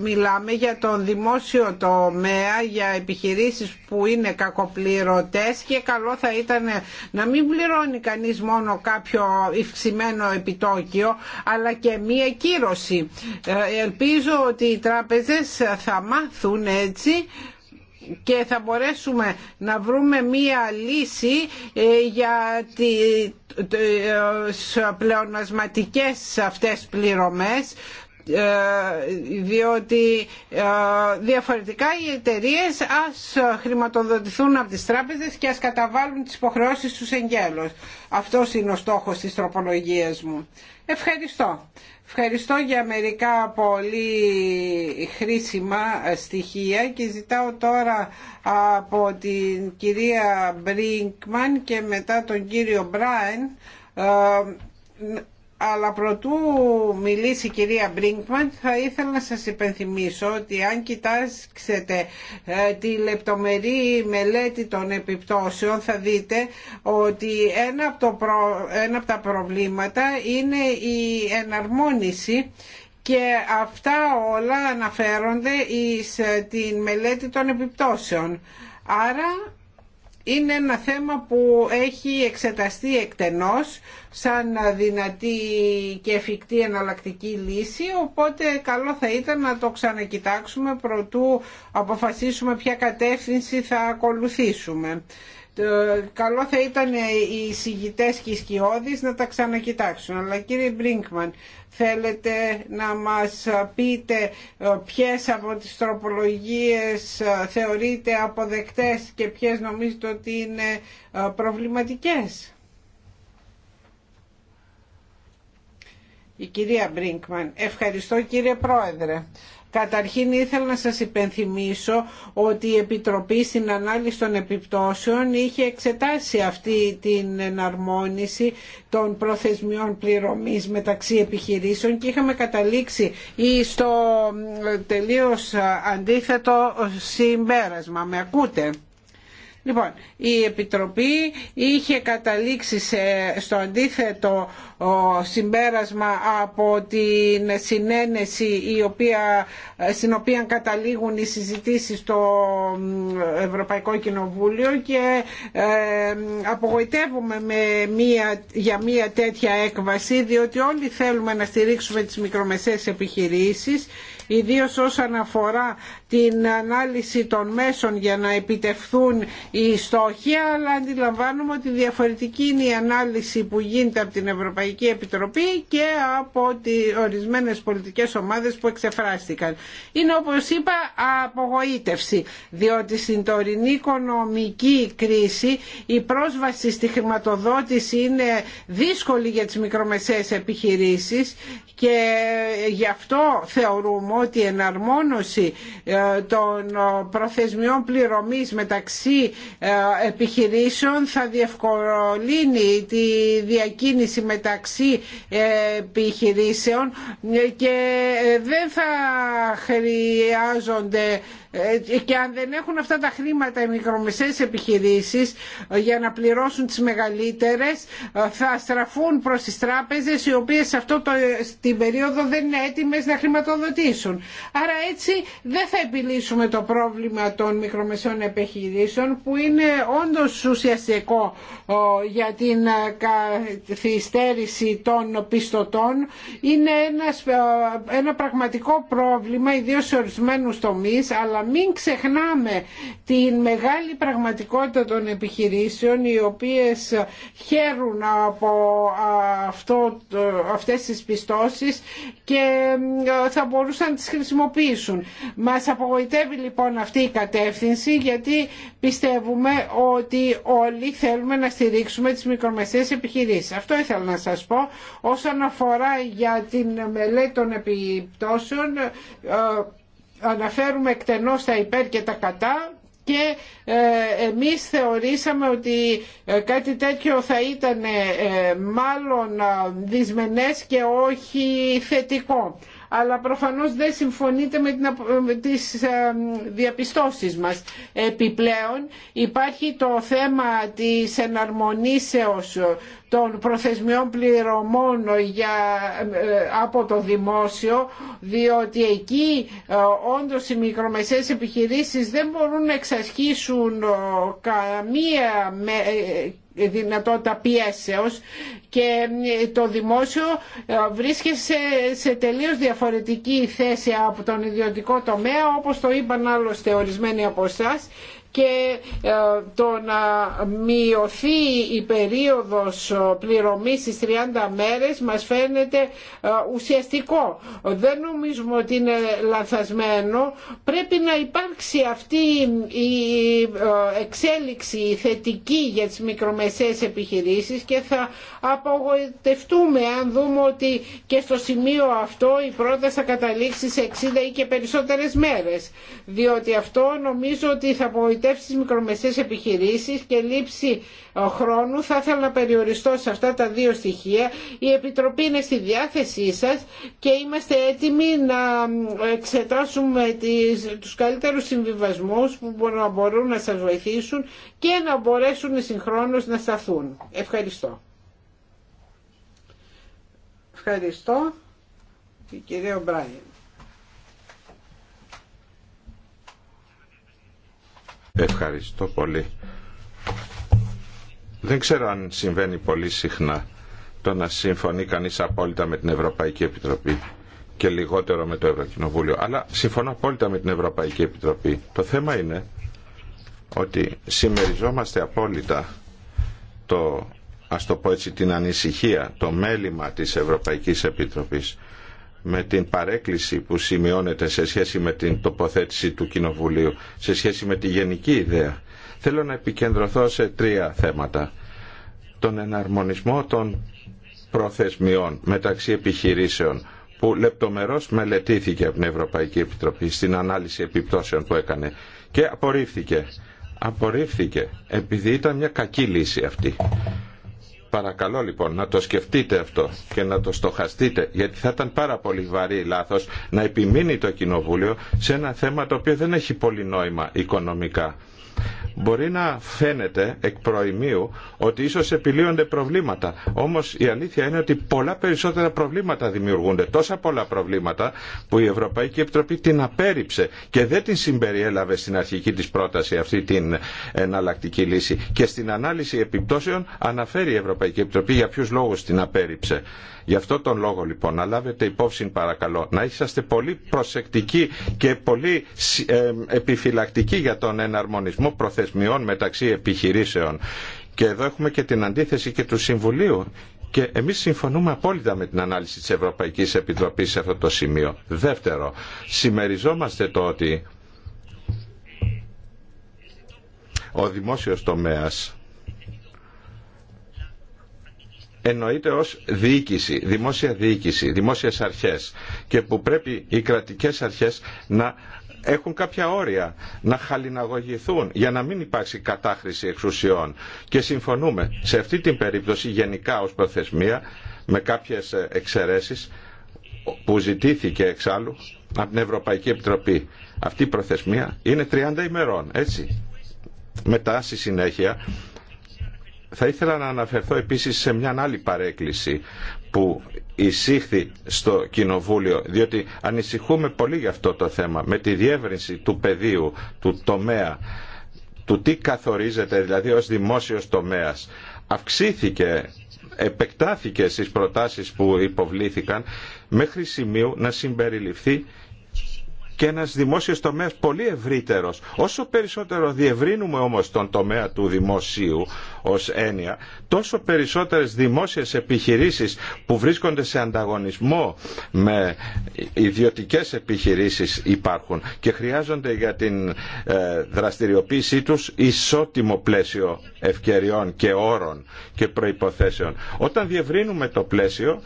μιλάμε για τον δημόσιο τομέα, για επιχειρήσεις που είναι κακοπληρωτές και καλό θα ήταν να μην πληρώνει κανείς μόνο κάποιο ευξημένο επιτόκιο αλλά και μία κύρωση. Ε, ελπίζω ότι οι θα μάθουν έτσι και θα μπορέσουμε να βρούμε μία λύση ε, για τις ε, πλεονασματικές αυτές πληρωμές ε, διότι ε, διαφορετικά οι εταιρείε ας χρηματοδοτηθούν από τις τράπεζες και ας καταβάλουν τις υποχρεώσεις τους εν Αυτός είναι ο στόχος της τροπολογίας μου. Ευχαριστώ. Ευχαριστώ για μερικά πολύ χρήσιμα στοιχεία και ζητάω τώρα από την κυρία Μπρίνκμαν και μετά τον κύριο Μπράιν ε, αλλά προτού μιλήσει η κυρία Μπρίγκμαντ θα ήθελα να σας υπενθυμίσω ότι αν κοιτάξετε ε, τη λεπτομερή μελέτη των επιπτώσεων θα δείτε ότι ένα από, τα προβλήματα είναι η εναρμόνιση και αυτά όλα αναφέρονται ε, την μελέτη των επιπτώσεων. Άρα είναι ένα θέμα που έχει εξεταστεί εκτενώς σαν δυνατή και εφικτή εναλλακτική λύση οπότε καλό θα ήταν να το ξανακοιτάξουμε προτού αποφασίσουμε ποια κατεύθυνση θα ακολουθήσουμε. Ε, καλό θα ήταν οι συγητές και οι σκιώδεις να τα ξανακοιτάξουν. Αλλά κύριε Μπρίνκμαν, θέλετε να μας πείτε ε, ποιες από τις τροπολογίες ε, θεωρείτε αποδεκτές και ποιες νομίζετε ότι είναι προβληματικές. Η κυρία Μπρίνκμαν. Ευχαριστώ κύριε Πρόεδρε. Καταρχήν ήθελα να σας υπενθυμίσω ότι η Επιτροπή στην ανάλυση των επιπτώσεων είχε εξετάσει αυτή την εναρμόνιση των προθεσμιών πληρωμής μεταξύ επιχειρήσεων και είχαμε καταλήξει στο ε, τελείως ε, αντίθετο συμπέρασμα. Με ακούτε. Λοιπόν, η Επιτροπή είχε καταλήξει στο αντίθετο συμπέρασμα από την συνένεση η οποία, στην οποία καταλήγουν οι συζητήσεις στο Ευρωπαϊκό Κοινοβούλιο και ε, απογοητεύουμε με μία, για μία τέτοια έκβαση διότι όλοι θέλουμε να στηρίξουμε τις μικρομεσαίες επιχειρήσεις ιδίως όσον αφορά την ανάλυση των μέσων για να επιτευχθούν οι στόχοι αλλά αντιλαμβάνουμε ότι διαφορετική είναι η ανάλυση που γίνεται από την Ευρωπαϊκή Επιτροπή και από τι ορισμένες πολιτικές ομάδες που εξεφράστηκαν. Είναι όπως είπα απογοήτευση διότι στην τωρινή οικονομική κρίση η πρόσβαση στη χρηματοδότηση είναι δύσκολη για τις μικρομεσαίες επιχειρήσεις και γι' αυτό θεωρούμε ότι η εναρμόνωση ε, των ε, προθεσμιών πληρωμής μεταξύ ε, επιχειρήσεων θα διευκολύνει τη διακίνηση μεταξύ επιχειρήσεων και δεν θα χρειάζονται ε, και αν δεν έχουν αυτά τα χρήματα οι μικρομεσαίες επιχειρήσεις ε, για να πληρώσουν τις μεγαλύτερες ε, θα στραφούν προς τις τράπεζες οι οποίες σε αυτό το, περίοδο δεν είναι έτοιμες να χρηματοδοτήσουν. Άρα έτσι δεν θα επιλύσουμε το πρόβλημα των μικρομεσαίων επιχειρήσεων που είναι όντως ουσιαστικό για την καθυστέρηση των πιστωτών. Είναι ένα πραγματικό πρόβλημα ιδίως σε ορισμένους τομείς αλλά μην ξεχνάμε την μεγάλη πραγματικότητα των επιχειρήσεων οι οποίες χαίρουν από αυτό, αυτές τις πιστώσεις και θα μπορούσαν να τις χρησιμοποιήσουν. Μας απογοητεύει λοιπόν αυτή η κατεύθυνση γιατί πιστεύουμε ότι όλοι θέλουμε να στηρίξουμε τις μικρομεσαίες επιχειρήσεις. Αυτό ήθελα να σας πω όσον αφορά για την μελέτη των επιπτώσεων ε, αναφέρουμε εκτενώς τα υπέρ και τα κατά και ε, εμείς θεωρήσαμε ότι ε, κάτι τέτοιο θα ήταν ε, μάλλον δυσμενές και όχι θετικό αλλά προφανώς δεν συμφωνείτε με τις ε, διαπιστώσεις μας. Επιπλέον υπάρχει το θέμα της εναρμονίσεως των προθεσμιών πληρωμών για, ε, από το δημόσιο, διότι εκεί ε, όντως οι μικρομεσαίες επιχειρήσεις δεν μπορούν να εξασχίσουν καμία δυνατότητα πιέσεως και το δημόσιο ε, βρίσκεται σε τελείως διαφορετική θέση από τον ιδιωτικό τομέα όπως το είπαν άλλωστε ορισμένοι από εσάς και ε, το να μειωθεί η περίοδος πληρωμής στις 30 μέρες μας φαίνεται ε, ουσιαστικό. Δεν νομίζουμε ότι είναι λανθασμένο. Πρέπει να υπάρξει αυτή η ε, εξέλιξη θετική για τις μικρομεσαίες επιχειρήσεις και θα απογοητευτούμε αν δούμε ότι και στο σημείο αυτό η πρόταση θα καταλήξει σε 60 ή και περισσότερες μέρες. Διότι αυτό νομίζω ότι θα απογοητευτούμε διαπραγματεύσει στι μικρομεσαίε επιχειρήσει και λήψη ε, χρόνου. Θα ήθελα να περιοριστώ σε αυτά τα δύο στοιχεία. Η Επιτροπή είναι στη διάθεσή σας και είμαστε έτοιμοι να εξετάσουμε του τους καλύτερους συμβιβασμούς που μπορούν να σας βοηθήσουν και να μπορέσουν συγχρόνω να σταθούν. Ευχαριστώ. Ευχαριστώ. και κυρία Μπράιν. Ευχαριστώ πολύ. Δεν ξέρω αν συμβαίνει πολύ συχνά το να συμφωνεί κανείς απόλυτα με την Ευρωπαϊκή Επιτροπή και λιγότερο με το Ευρωκοινοβούλιο. Αλλά συμφωνώ απόλυτα με την Ευρωπαϊκή Επιτροπή. Το θέμα είναι ότι συμμεριζόμαστε απόλυτα το, ας το πω έτσι, την ανησυχία, το μέλημα της Ευρωπαϊκής Επιτροπής με την παρέκκληση που σημειώνεται σε σχέση με την τοποθέτηση του Κοινοβουλίου, σε σχέση με τη γενική ιδέα. Θέλω να επικεντρωθώ σε τρία θέματα. Τον εναρμονισμό των προθεσμιών μεταξύ επιχειρήσεων που λεπτομερώς μελετήθηκε από την Ευρωπαϊκή Επιτροπή στην ανάλυση επιπτώσεων που έκανε και απορρίφθηκε. Απορρίφθηκε επειδή ήταν μια κακή λύση αυτή. Παρακαλώ λοιπόν να το σκεφτείτε αυτό και να το στοχαστείτε γιατί θα ήταν πάρα πολύ βαρύ λάθος να επιμείνει το Κοινοβούλιο σε ένα θέμα το οποίο δεν έχει πολύ νόημα οικονομικά. Μπορεί να φαίνεται εκ προημίου ότι ίσως επιλύονται προβλήματα. Όμως η αλήθεια είναι ότι πολλά περισσότερα προβλήματα δημιουργούνται. Τόσα πολλά προβλήματα που η Ευρωπαϊκή Επιτροπή την απέρριψε και δεν την συμπεριέλαβε στην αρχική της πρόταση αυτή την εναλλακτική λύση. Και στην ανάλυση επιπτώσεων αναφέρει η Ευρωπαϊκή Επιτροπή για ποιους λόγους την απέρριψε. Γι' αυτό τον λόγο λοιπόν να λάβετε υπόψη παρακαλώ να είσαστε πολύ προσεκτικοί και πολύ ε, επιφυλακτικοί για τον εναρμονισμό προθεσμιών μεταξύ επιχειρήσεων. Και εδώ έχουμε και την αντίθεση και του Συμβουλίου. Και εμείς συμφωνούμε απόλυτα με την ανάλυση της Ευρωπαϊκής Επιτροπής σε αυτό το σημείο. Δεύτερο, συμμεριζόμαστε το ότι ο δημόσιος τομέας εννοείται ως διοίκηση, δημόσια διοίκηση, δημόσιες αρχές και που πρέπει οι κρατικές αρχές να έχουν κάποια όρια να χαλιναγωγηθούν για να μην υπάρξει κατάχρηση εξουσιών. Και συμφωνούμε σε αυτή την περίπτωση γενικά ως προθεσμία με κάποιες εξαιρέσεις που ζητήθηκε εξάλλου από την Ευρωπαϊκή Επιτροπή. Αυτή η προθεσμία είναι 30 ημερών, έτσι. Μετά στη συνέχεια θα ήθελα να αναφερθώ επίσης σε μια άλλη παρέκκληση που εισήχθη στο Κοινοβούλιο, διότι ανησυχούμε πολύ για αυτό το θέμα, με τη διεύρυνση του πεδίου, του τομέα, του τι καθορίζεται δηλαδή ως δημόσιος τομέας. Αυξήθηκε, επεκτάθηκε στις προτάσεις που υποβλήθηκαν μέχρι σημείου να συμπεριληφθεί και ένα δημόσιο τομέα πολύ ευρύτερος. Όσο περισσότερο διευρύνουμε όμως τον τομέα του δημοσίου ως έννοια, τόσο περισσότερες δημόσιες επιχειρήσεις που βρίσκονται σε ανταγωνισμό με ιδιωτικές επιχειρήσεις υπάρχουν και χρειάζονται για την ε, δραστηριοποίησή τους ισότιμο πλαίσιο ευκαιριών και όρων και προϋποθέσεων. Όταν διευρύνουμε το πλαίσιο,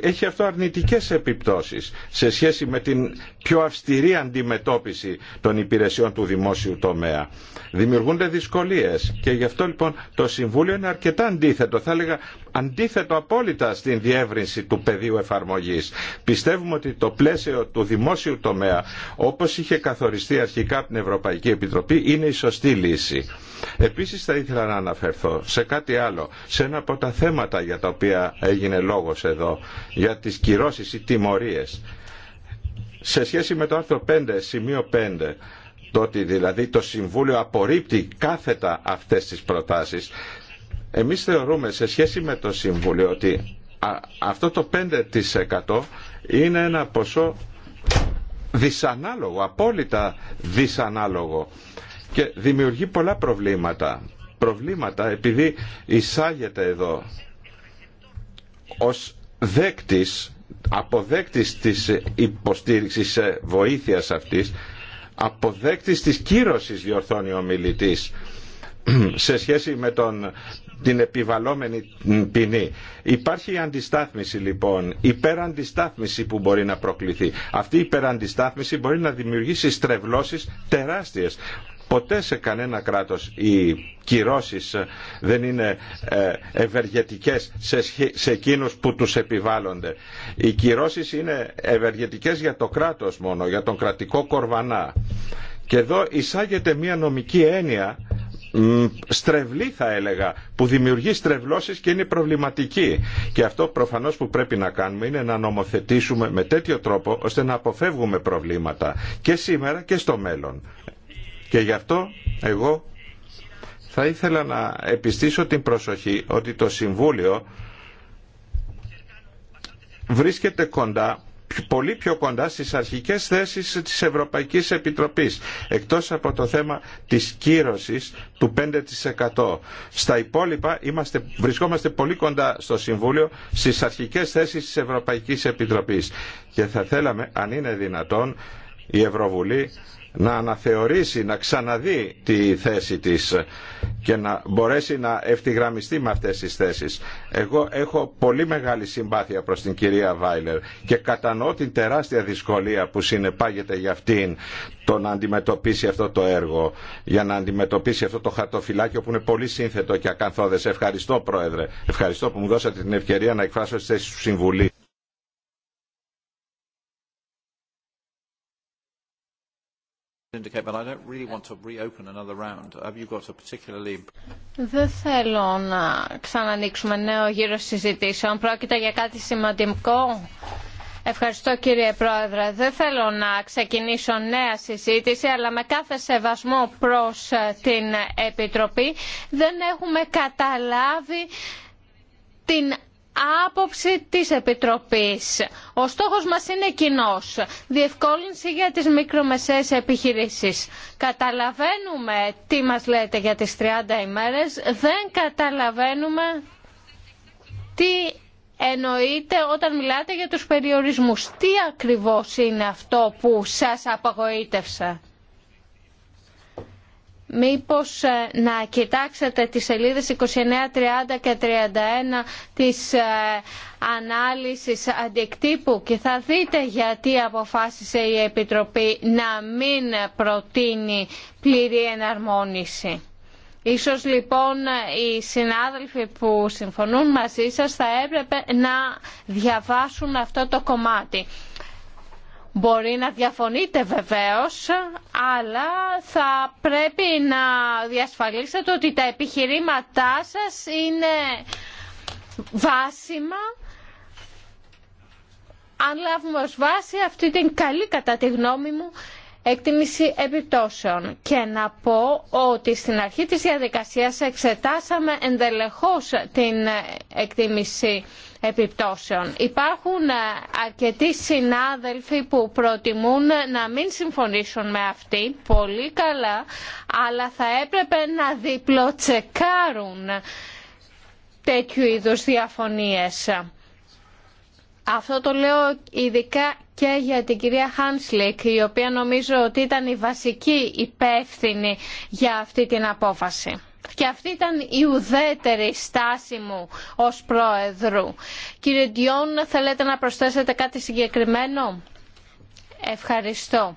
έχει αυτό αρνητικές επιπτώσεις σε σχέση με την πιο αυστηρή αντιμετώπιση των υπηρεσιών του δημόσιου τομέα. Δημιουργούνται δυσκολίες και γι' αυτό λοιπόν το Συμβούλιο είναι αρκετά αντίθετο, θα έλεγα αντίθετο απόλυτα στην διεύρυνση του πεδίου εφαρμογής. Πιστεύουμε ότι το πλαίσιο του δημόσιου τομέα, όπως είχε καθοριστεί αρχικά από την Ευρωπαϊκή Επιτροπή, είναι η σωστή λύση. Επίσης θα ήθελα να αναφερθώ σε κάτι άλλο, σε ένα από τα θέματα για τα οποία έγινε λόγος εδώ, για τις κυρώσεις ή τιμωρίες. Σε σχέση με το άρθρο 5, σημείο 5, το ότι δηλαδή το Συμβούλιο απορρίπτει κάθετα αυτές τις προτάσεις εμείς θεωρούμε σε σχέση με το Συμβούλιο ότι αυτό το 5% είναι ένα ποσό δυσανάλογο, απόλυτα δυσανάλογο και δημιουργεί πολλά προβλήματα. Προβλήματα επειδή εισάγεται εδώ ως δέκτης, αποδέκτης της υποστήριξης ε, βοήθειας αυτής, αποδέκτης της κύρωσης διορθώνει ο μιλητής σε σχέση με τον την επιβαλόμενη ποινή. Υπάρχει η αντιστάθμιση λοιπόν, υπεραντιστάθμιση που μπορεί να προκληθεί. Αυτή η υπεραντιστάθμιση μπορεί να δημιουργήσει στρεβλώσεις τεράστιες. Ποτέ σε κανένα κράτος οι κυρώσεις δεν είναι ε, ευεργετικές σε εκείνους που τους επιβάλλονται. Οι κυρώσεις είναι ευεργετικές για το κράτος μόνο, για τον κρατικό κορβανά. Και εδώ εισάγεται μια νομική έννοια στρεβλή θα έλεγα που δημιουργεί στρεβλώσεις και είναι προβληματική και αυτό προφανώς που πρέπει να κάνουμε είναι να νομοθετήσουμε με τέτοιο τρόπο ώστε να αποφεύγουμε προβλήματα και σήμερα και στο μέλλον και γι' αυτό εγώ θα ήθελα να επιστήσω την προσοχή ότι το Συμβούλιο βρίσκεται κοντά πολύ πιο κοντά στις αρχικές θέσεις της Ευρωπαϊκής Επιτροπής εκτός από το θέμα της κύρωσης του 5%. Στα υπόλοιπα είμαστε, βρισκόμαστε πολύ κοντά στο Συμβούλιο στις αρχικές θέσεις της Ευρωπαϊκής Επιτροπής και θα θέλαμε αν είναι δυνατόν η Ευρωβουλή να αναθεωρήσει, να ξαναδεί τη θέση της και να μπορέσει να ευθυγραμμιστεί με αυτές τις θέσεις. Εγώ έχω πολύ μεγάλη συμπάθεια προς την κυρία Βάιλερ και κατανοώ την τεράστια δυσκολία που συνεπάγεται για αυτήν το να αντιμετωπίσει αυτό το έργο, για να αντιμετωπίσει αυτό το χαρτοφυλάκιο που είναι πολύ σύνθετο και ακαθόδες. Ευχαριστώ Πρόεδρε, ευχαριστώ που μου δώσατε την ευκαιρία να εκφράσω τις θέσεις του Συμβουλή. Δεν θέλω να ξανανοίξουμε νέο γύρο συζητήσεων. Πρόκειται για κάτι σημαντικό. Ευχαριστώ κύριε Πρόεδρε. Δεν θέλω να ξεκινήσω νέα συζήτηση, αλλά με κάθε σεβασμό προς ε, την Επιτροπή δεν έχουμε καταλάβει την άποψη της Επιτροπής. Ο στόχος μας είναι κοινός. Διευκόλυνση για τις μικρομεσαίες επιχειρήσεις. Καταλαβαίνουμε τι μας λέτε για τις 30 ημέρες. Δεν καταλαβαίνουμε τι εννοείτε όταν μιλάτε για τους περιορισμούς. Τι ακριβώς είναι αυτό που σας απαγοήτευσε μήπως ε, να κοιτάξετε τις σελίδες 29, 30 και 31 της ε, ανάλυσης αντικτύπου και θα δείτε γιατί αποφάσισε η Επιτροπή να μην προτείνει πλήρη εναρμόνιση. Ίσως λοιπόν οι συνάδελφοι που συμφωνούν μαζί σας θα έπρεπε να διαβάσουν αυτό το κομμάτι. Μπορεί να διαφωνείτε βεβαίως, αλλά θα πρέπει να διασφαλίσετε ότι τα επιχειρήματά σας είναι βάσιμα αν λάβουμε ως βάση αυτή την καλή κατά τη γνώμη μου εκτίμηση επιπτώσεων. Και να πω ότι στην αρχή της διαδικασίας εξετάσαμε εντελεχώς την εκτίμηση επιπτώσεων. Υπάρχουν ε, αρκετοί συνάδελφοι που προτιμούν ε, να μην συμφωνήσουν με αυτή, πολύ καλά, αλλά θα έπρεπε να διπλοτσεκάρουν τέτοιου είδους διαφωνίες. Αυτό το λέω ειδικά και για την κυρία Χάνσλικ, η οποία νομίζω ότι ήταν η βασική υπεύθυνη για αυτή την απόφαση και αυτή ήταν η ουδέτερη στάση μου ως πρόεδρου. Κύριε Ντιόν, θέλετε να προσθέσετε κάτι συγκεκριμένο. Ευχαριστώ.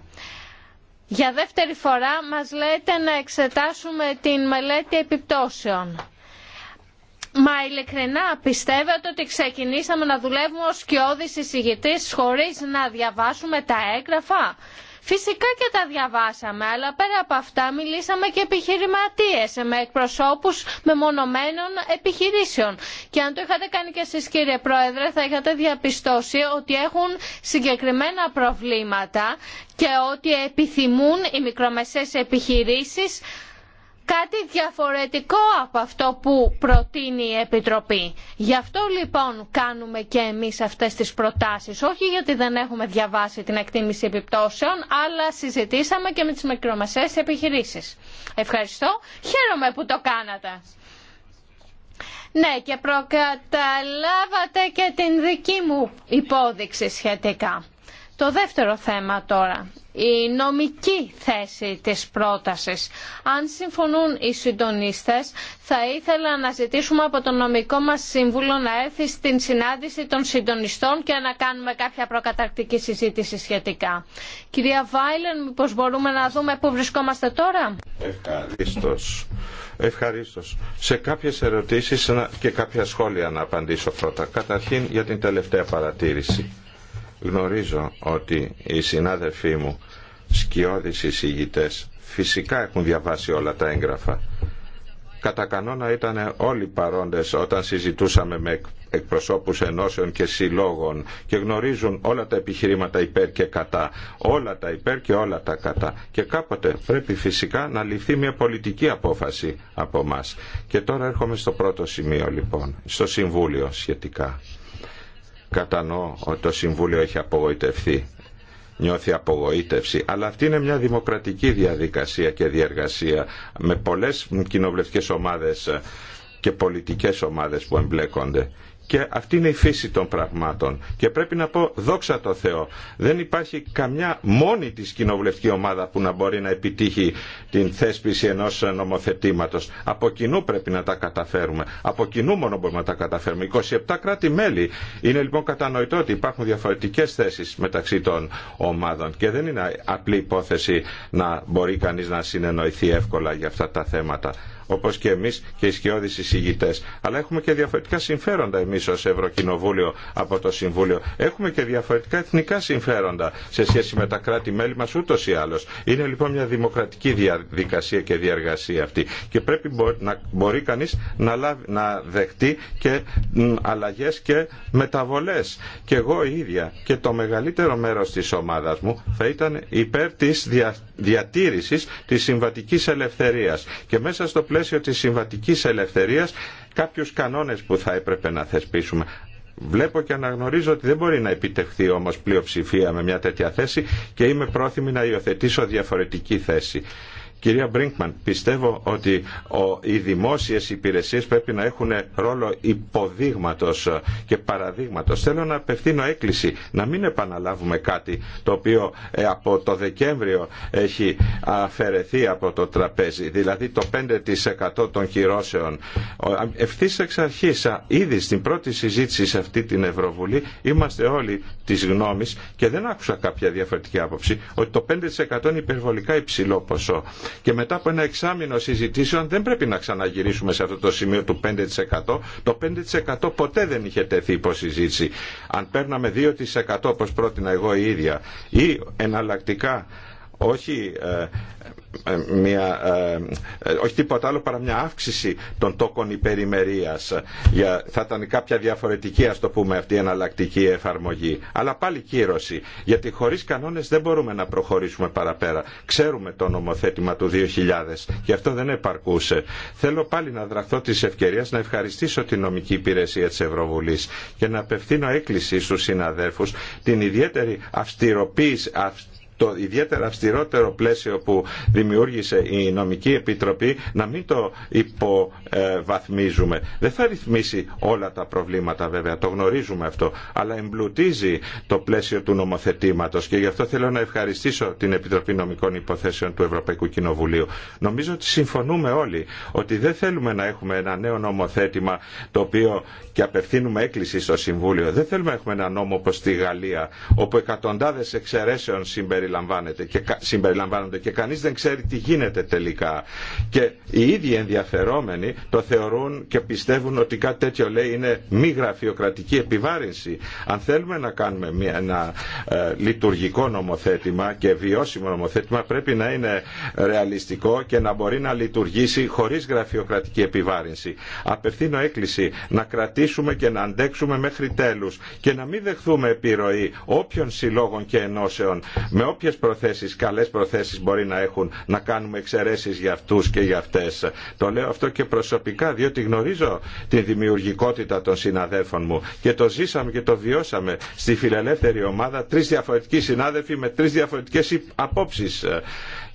Για δεύτερη φορά μας λέτε να εξετάσουμε την μελέτη επιπτώσεων. Μα ειλικρινά πιστεύετε ότι ξεκινήσαμε να δουλεύουμε ως κοιόδης εισηγητής χωρίς να διαβάσουμε τα έγγραφα. Φυσικά και τα διαβάσαμε, αλλά πέρα από αυτά μιλήσαμε και επιχειρηματίες με εκπροσώπους μεμονωμένων επιχειρήσεων. Και αν το είχατε κάνει και εσείς κύριε Πρόεδρε θα είχατε διαπιστώσει ότι έχουν συγκεκριμένα προβλήματα και ότι επιθυμούν οι μικρομεσαίες επιχειρήσεις κάτι διαφορετικό από αυτό που προτείνει η Επιτροπή. Γι' αυτό λοιπόν κάνουμε και εμείς αυτές τις προτάσεις. Όχι γιατί δεν έχουμε διαβάσει την εκτίμηση επιπτώσεων, αλλά συζητήσαμε και με τις μικρομεσαίες επιχειρήσεις. Ευχαριστώ. Χαίρομαι που το κάνατε. Ναι, και προκαταλάβατε και την δική μου υπόδειξη σχετικά. Το δεύτερο θέμα τώρα, η νομική θέση της πρότασης. Αν συμφωνούν οι συντονίστες, θα ήθελα να ζητήσουμε από τον νομικό μας σύμβουλο να έρθει στην συνάντηση των συντονιστών και να κάνουμε κάποια προκαταρκτική συζήτηση σχετικά. Κυρία Βάιλεν, μήπως μπορούμε να δούμε πού βρισκόμαστε τώρα. Ευχαριστώ. Σε κάποιες ερωτήσεις και κάποια σχόλια να απαντήσω πρώτα. Καταρχήν για την τελευταία παρατήρηση Γνωρίζω ότι οι συνάδελφοί μου, σκιώδεις εισηγητές, φυσικά έχουν διαβάσει όλα τα έγγραφα. Κατά κανόνα ήταν όλοι παρόντες όταν συζητούσαμε με εκπροσώπους ενώσεων και συλλόγων και γνωρίζουν όλα τα επιχειρήματα υπέρ και κατά, όλα τα υπέρ και όλα τα κατά. Και κάποτε πρέπει φυσικά να ληφθεί μια πολιτική απόφαση από μας. Και τώρα έρχομαι στο πρώτο σημείο λοιπόν, στο Συμβούλιο σχετικά. Κατανοώ ότι το Συμβούλιο έχει απογοητευθεί, νιώθει απογοήτευση, αλλά αυτή είναι μια δημοκρατική διαδικασία και διεργασία με πολλές κοινοβουλευτικές ομάδες και πολιτικές ομάδες που εμπλέκονται. Και αυτή είναι η φύση των πραγμάτων. Και πρέπει να πω δόξα τω Θεώ. Δεν υπάρχει καμιά μόνη της κοινοβουλευτική ομάδα που να μπορεί να επιτύχει την θέσπιση ενός νομοθετήματος. Από κοινού πρέπει να τα καταφέρουμε. Από κοινού μόνο μπορούμε να τα καταφέρουμε. 27 κράτη-μέλη. Είναι λοιπόν κατανοητό ότι υπάρχουν διαφορετικές θέσεις μεταξύ των ομάδων. Και δεν είναι απλή υπόθεση να μπορεί κανείς να συνεννοηθεί εύκολα για αυτά τα θέματα όπω και εμεί και οι σκιώδει εισηγητέ. Αλλά έχουμε και διαφορετικά συμφέροντα εμεί ω Ευρωκοινοβούλιο από το Συμβούλιο. Έχουμε και διαφορετικά εθνικά συμφέροντα σε σχέση με τα κράτη-μέλη μα ούτω ή άλλω. Είναι λοιπόν μια δημοκρατική διαδικασία και διαργασία αυτή. Και πρέπει να μπορεί κανεί να, να δεχτεί και αλλαγέ και μεταβολέ. Και εγώ ίδια και το μεγαλύτερο μέρο τη ομάδα μου θα ήταν υπέρ τη δια, διατήρηση τη συμβατική ελευθερία. Και μέσα στο πλαίσιο της συμβατικής ελευθερίας κάποιους κανόνες που θα έπρεπε να θεσπίσουμε. Βλέπω και αναγνωρίζω ότι δεν μπορεί να επιτευχθεί όμως πλειοψηφία με μια τέτοια θέση και είμαι πρόθυμη να υιοθετήσω διαφορετική θέση. Κυρία Μπρίνκμαν, πιστεύω ότι οι δημόσιες υπηρεσίες πρέπει να έχουν ρόλο υποδείγματος και παραδείγματος. Θέλω να απευθύνω έκκληση να μην επαναλάβουμε κάτι το οποίο ε, από το Δεκέμβριο έχει αφαιρεθεί από το τραπέζι, δηλαδή το 5% των χειρόσεων. Ευθύ εξ αρχή, ήδη στην πρώτη συζήτηση σε αυτή την Ευρωβουλή, είμαστε όλοι τη γνώμη και δεν άκουσα κάποια διαφορετική άποψη ότι το 5% είναι υπερβολικά υψηλό ποσό. Και μετά από ένα εξάμεινο συζητήσεων δεν πρέπει να ξαναγυρίσουμε σε αυτό το σημείο του 5%. Το 5% ποτέ δεν είχε τεθεί υπό Αν παίρναμε 2% όπως πρότεινα εγώ η ίδια ή εναλλακτικά όχι ε, ε, μια, ε, ε, όχι τίποτα άλλο παρά μια αύξηση των τόκων υπερημερίας. Για, θα ήταν κάποια διαφορετική ας το πούμε αυτή η εναλλακτική εφαρμογή. Αλλά πάλι κύρωση. Γιατί χωρίς κανόνες δεν μπορούμε να προχωρήσουμε παραπέρα. Ξέρουμε το νομοθέτημα του 2000 και αυτό δεν επαρκούσε. Θέλω πάλι να δραχθώ της ευκαιρίας να ευχαριστήσω την νομική υπηρεσία της Ευρωβουλής και να απευθύνω έκκληση στους συναδέλφους την ιδιαίτερη αυστηροποίηση, αυστηροποίηση το ιδιαίτερα αυστηρότερο πλαίσιο που δημιούργησε η νομική επιτροπή να μην το υποβαθμίζουμε. Δεν θα ρυθμίσει όλα τα προβλήματα βέβαια, το γνωρίζουμε αυτό, αλλά εμπλουτίζει το πλαίσιο του νομοθετήματος και γι' αυτό θέλω να ευχαριστήσω την Επιτροπή Νομικών Υποθέσεων του Ευρωπαϊκού Κοινοβουλίου. Νομίζω ότι συμφωνούμε όλοι ότι δεν θέλουμε να έχουμε ένα νέο νομοθέτημα το οποίο και απευθύνουμε έκκληση στο Συμβούλιο. Δεν θέλουμε να έχουμε ένα νόμο όπως στη Γαλλία όπου εκατοντάδες εξαιρέσεων συμπεριλαμβάνονται και, συμπεριλαμβάνονται και κανείς δεν ξέρει τι γίνεται τελικά. Και οι ίδιοι ενδιαφερόμενοι το θεωρούν και πιστεύουν ότι κάτι τέτοιο λέει είναι μη γραφειοκρατική επιβάρυνση. Αν θέλουμε να κάνουμε μια, ένα ε, λειτουργικό νομοθέτημα και βιώσιμο νομοθέτημα πρέπει να είναι ρεαλιστικό και να μπορεί να λειτουργήσει χωρίς γραφειοκρατική επιβάρυνση. Απευθύνω έκκληση να κρατήσουμε και να αντέξουμε μέχρι τέλους και να μην δεχθούμε επιρροή όποιων συλλόγων και ενώσεων όποιε προθέσεις, καλές προθέσεις μπορεί να έχουν να κάνουμε εξαιρεσει για αυτού και για αυτές. Το λέω αυτό και προσωπικά διότι γνωρίζω τη δημιουργικότητα των συναδέλφων μου και το ζήσαμε και το βιώσαμε στη φιλελεύθερη ομάδα τρεις διαφορετικοί συνάδελφοι με τρεις διαφορετικές απόψει.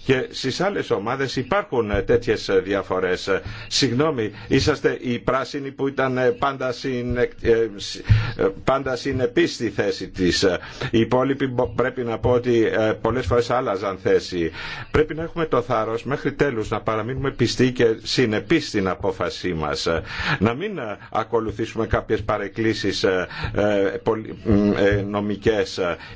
Και στι άλλε ομάδε υπάρχουν ε, τέτοιε ε, διαφορές. Ε, συγγνώμη, είσαστε οι πράσινοι που ήταν πάντα, συνεπεί στη θέση της. Οι υπόλοιποι πρέπει να πω ότι πολλές φορές άλλαζαν θέση. Πρέπει να έχουμε το θάρρος μέχρι τέλους να παραμείνουμε πιστοί και συνεπεί στην απόφασή μας. Να μην ακολουθήσουμε κάποιες παρεκκλήσει νομικέ.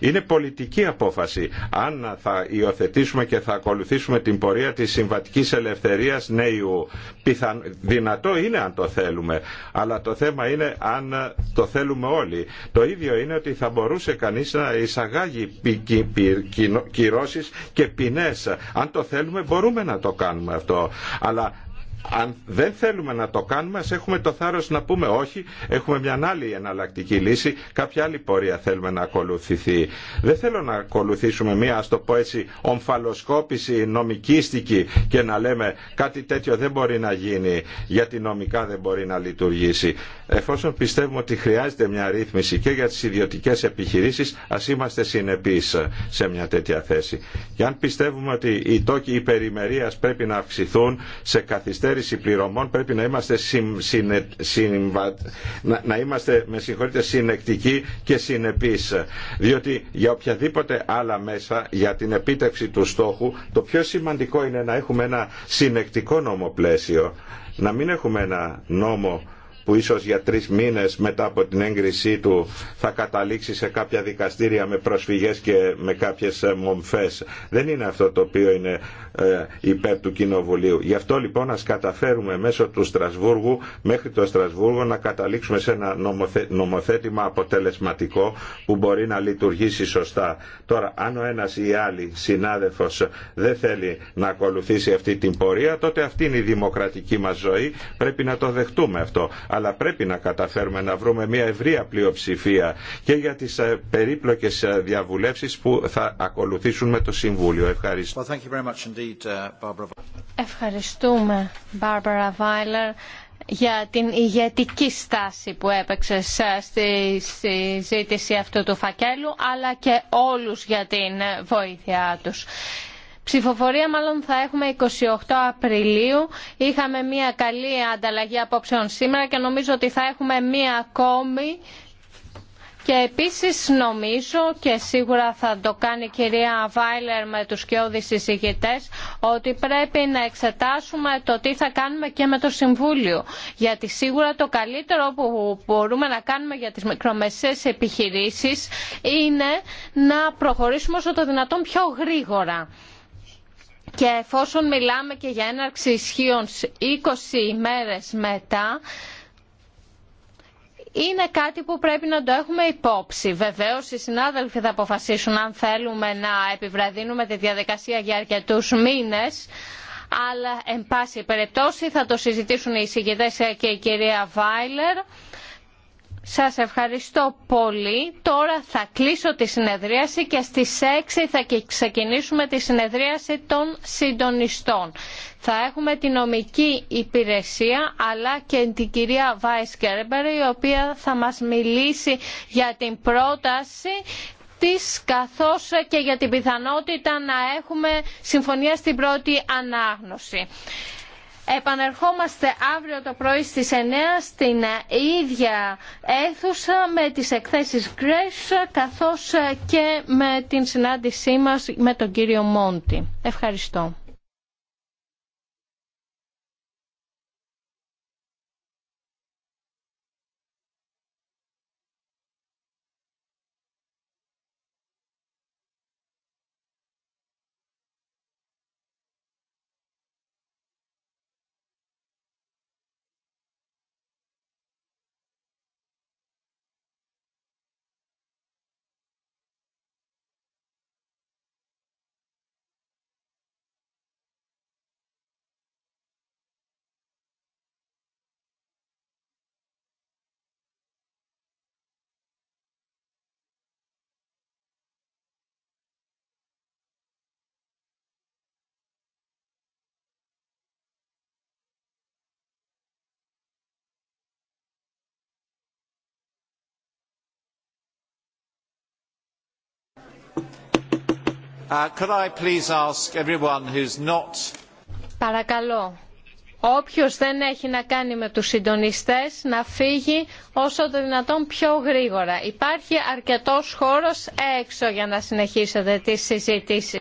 Είναι πολιτική απόφαση. Αν θα υιοθετήσουμε και θα ακολουθήσουμε την πορεία της συμβατικής ελευθερίας νέου. Πιθαν... Δυνατό είναι αν το θέλουμε, αλλά το θέμα είναι αν ε, το θέλουμε όλοι. Το ίδιο είναι ότι θα μπορούσε κανείς να εισαγάγει κυρώσει και ποινές. Αν το θέλουμε μπορούμε να το κάνουμε αυτό. Αλλά αν δεν θέλουμε να το κάνουμε, ας έχουμε το θάρρος να πούμε όχι, έχουμε μια άλλη εναλλακτική λύση, κάποια άλλη πορεία θέλουμε να ακολουθηθεί. Δεν θέλω να ακολουθήσουμε μια, ας το πω έτσι, ομφαλοσκόπηση νομικίστικη και να λέμε κάτι τέτοιο δεν μπορεί να γίνει, γιατί νομικά δεν μπορεί να λειτουργήσει. Εφόσον πιστεύουμε ότι χρειάζεται μια ρύθμιση και για τις ιδιωτικές επιχειρήσεις, ας είμαστε συνεπείς σε μια τέτοια θέση. Και αν πιστεύουμε ότι οι τόκοι υπερημερίας πρέπει να αυξηθούν σε καθυστέρηση, καθυστέρηση πληρωμών πρέπει να είμαστε, συμ, συνε, να, να είμαστε με συνεκτικοί και συνεπείς. Διότι για οποιαδήποτε άλλα μέσα για την επίτευξη του στόχου το πιο σημαντικό είναι να έχουμε ένα συνεκτικό νομοπλαίσιο. Να μην έχουμε ένα νόμο που ίσως για τρεις μήνες μετά από την έγκρισή του θα καταλήξει σε κάποια δικαστήρια με προσφυγές και με κάποιες ε, μομφές. Δεν είναι αυτό το οποίο είναι ε, υπέρ του Κοινοβουλίου. Γι' αυτό λοιπόν ας καταφέρουμε μέσω του Στρασβούργου μέχρι το Στρασβούργο να καταλήξουμε σε ένα νομοθέτημα αποτελεσματικό που μπορεί να λειτουργήσει σωστά. Τώρα αν ο ένας ή η άλλη συνάδελφος δεν θέλει να ακολουθήσει αυτή την πορεία τότε αυτή είναι η δημοκρατική μας ζωή πρέπει να το δεχτούμε αυτό αλλά πρέπει να καταφέρουμε να βρούμε μια ευρεία πλειοψηφία και για τις ε, περίπλοκες ε, διαβουλεύσεις που θα ακολουθήσουν με το Συμβούλιο. Ευχαριστώ. Uh, Ευχαριστούμε, Μπάρμπαρα Βάιλερ για την ηγετική στάση που έπαιξε στη συζήτηση αυτού του φακέλου αλλά και όλους για την βοήθειά τους. Ψηφοφορία μάλλον θα έχουμε 28 Απριλίου. Είχαμε μια καλή ανταλλαγή απόψεων σήμερα και νομίζω ότι θα έχουμε μια ακόμη και επίσης νομίζω και σίγουρα θα το κάνει η κυρία Βάιλερ με τους κοιόδης εισηγητές ότι πρέπει να εξετάσουμε το τι θα κάνουμε και με το Συμβούλιο. Γιατί σίγουρα το καλύτερο που μπορούμε να κάνουμε για τις μικρομεσαίες επιχειρήσεις είναι να προχωρήσουμε όσο το δυνατόν πιο γρήγορα και εφόσον μιλάμε και για έναρξη ισχύων 20 ημέρες μετά, είναι κάτι που πρέπει να το έχουμε υπόψη. Βεβαίω οι συνάδελφοι θα αποφασίσουν αν θέλουμε να επιβραδύνουμε τη διαδικασία για αρκετού μήνε. Αλλά, εν πάση περιπτώσει, θα το συζητήσουν οι συγκεκριτέ ε, και η κυρία Βάιλερ. Σας ευχαριστώ πολύ. Τώρα θα κλείσω τη συνεδρίαση και στις 6 θα ξεκινήσουμε τη συνεδρίαση των συντονιστών. Θα έχουμε την νομική υπηρεσία αλλά και την κυρία Βάις Κέρμπερ η οποία θα μας μιλήσει για την πρόταση της καθώς και για την πιθανότητα να έχουμε συμφωνία στην πρώτη ανάγνωση. Επανερχόμαστε αύριο το πρωί στις 9 στην ίδια αίθουσα με τις εκθέσεις Grace καθώς και με την συνάντησή μας με τον κύριο Μόντι. Ευχαριστώ. Uh, Παρακαλώ, όποιος δεν έχει να κάνει με τους συντονιστές να φύγει όσο το δυνατόν πιο γρήγορα. Υπάρχει αρκετός χώρος έξω για να συνεχίσετε τις συζητήσεις.